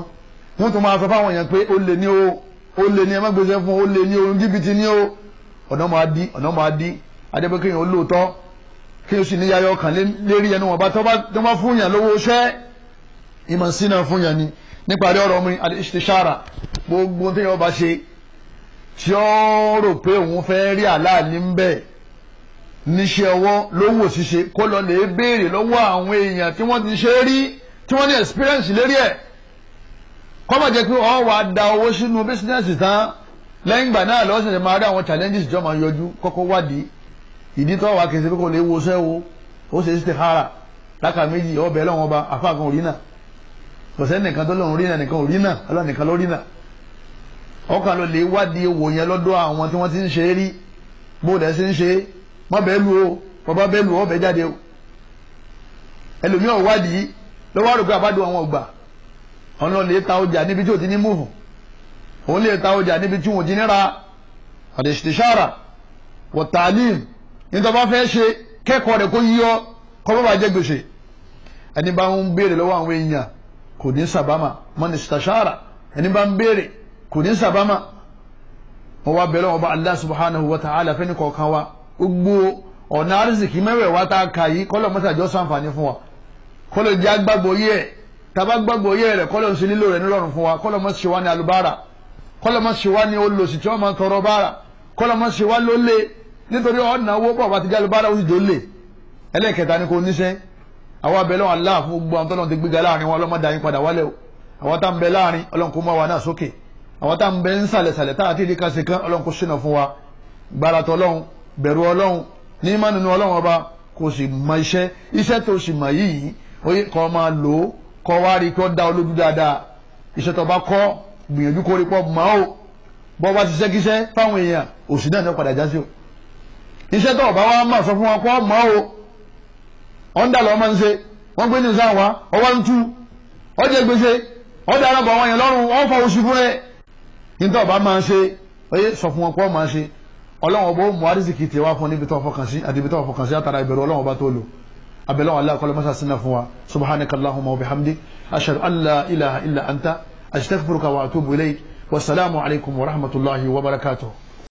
wọn tún máa sọ fáwọn èèyàn pé ó lè ní o ó lè ní ẹ má gbèsè fún ó lè ní o jìbìtì ní o ọ̀nà máa di ọ̀nà máa di adébẹ́kẹ́yìn ó lóòótọ́ kí o sì ní yayọ kàn lérí ẹnu wọn bá tó bá fún yàn lówó iṣẹ́ ìmọ̀ fún yàn ni níparí ọ̀rọ̀ mi al-istishara gbogbo tí yóò bá ṣe tí ó rò pé òun fẹ́ rí àláàlí ń bẹ̀ níṣẹ́ ọwọ́ lówó ṣíṣe kó lọ lè béèrè lọ́wọ́ àwọn èèyàn tí wọ́n ti ṣe rí tí wọ́n ní experience lérí ẹ̀ kọ́mọ̀ jẹ́ pé o wá da owó sínú bísíǹsì tán lẹ́yìn ìgbà náà lọ́sẹ̀ máa rí àwọn challenges jọ yọjú kọ́kọ́ wádìí ìdí tó wà kìí ṣe pé kò lè wo sẹ́wọ́ ó ṣe istikhara láka méjì ọbẹ̀ lọ́wọ́ ọba afá kan òrí rí náà kọ̀sẹ́ nìkan tó lọ́run rí nìkan òrí náà ọlọ́run nìkan ló náà ọkàn ló lè wádìí owó yẹn lọ́dọ̀ àwọn tí wọ́n ti ń ṣe rí o bẹ́ẹ̀ o ẹlòmíràn wádìí lọ́wọ́ àrògbé àbádùn nítorí bá fẹ́ ṣe kẹ́kọ̀ọ́ rẹ̀ kó yíyọ́ kọ́ bá bàjẹ́ gbèsè ẹni bá ń béèrè lọ́wọ́ àwọn èèyàn kò ní sàbámà mọ́nìsítàṣára ẹni bá ń béèrè kò ní sàbámà wọ́n wá bẹ̀rẹ̀ ọba Allah subhanahu wa ta'ala fẹ́ni kọ̀ọ̀kan wa gbogbo ọ̀nà arísìkí mẹ́wẹ̀ẹ́wá tá a kà yìí kọ́lọ̀ mọ́tàjọ́ sàǹfààní fún wa kọ́lọ̀ jẹ́ agbágbó yé ẹ̀ tàbá gbàgbọ́ yé rẹ̀ kọ́lọ̀ ń ṣe nílò rẹ̀ nírọ̀rùn fún wa kọ́lọ̀ mọ́ ṣe wá ní alubára kọ́lọ̀ mọ́ ṣe wá ní olùsí tí wọ́n máa tọrọ bára kọ́lọ̀ mọ́ ṣe wá lólè nítorí ọ̀nà owó pọ̀ àti jálù bára òjijì lè ẹlẹ́ẹ̀kẹta ni kò níṣẹ́ àwọn abẹ́lẹ́ wọn aláà fún gbogbo àwọn tọ́lọ́n ti gbéga láàrin wọn ọlọ́mọdé ayé padà wálẹ̀ o àwọn tá ń bẹ láàrin ọlọ́run kó mọ́ wa náà sókè àwọn tá ń bẹ ń sàlẹ̀sàlẹ̀ tá àti ìdíkan ṣe kán ọlọ́run kó ṣìnà fún wa gbàràtọ̀ ọlọ́run bẹ̀rù ọlọ́run ní má nínú ọlọ́run ọba kò sì mọ iṣẹ́ iṣẹ́ tó sì mọ yìí oyè kọ́ máa lò ó kọ́ wá rí kí ó olójú dáadáa iṣẹ́ tó bá kọ́ gbìyànjú kó rí ò bọ́ bá ṣiṣẹ́ kíṣẹ́ iṣẹ́ tó ọba wa mọ̀ sọ fún wọn kọ́ mọ́ o ọ̀ndà lọ́mọ ń ṣe wọ́n gbé ní sáà wá ọwọ́ ń tú ọjẹ́ gbèsè ọ̀dà arábọ̀ wọn yẹn lọ́rùn wọ́n fọ oṣù fún rẹ̀ nítorí ọba máa ń ṣe oyè sọ fún wọn kọ́ máa ṣe ọlọ́wọ́n bó mú arísìkì tè wá fún níbi tó fọkàn sí àti tó fọkàn sí àtàrà ìbẹ̀rù ọlọ́wọ́n bá tó lò abẹ́lẹ́ wọn subhanaka allahumma bihamdi ashhadu an la illa anta astaghfiruka wa atubu ilayk wasalaamu alaykum wa rahmatulahi wa barakatuh.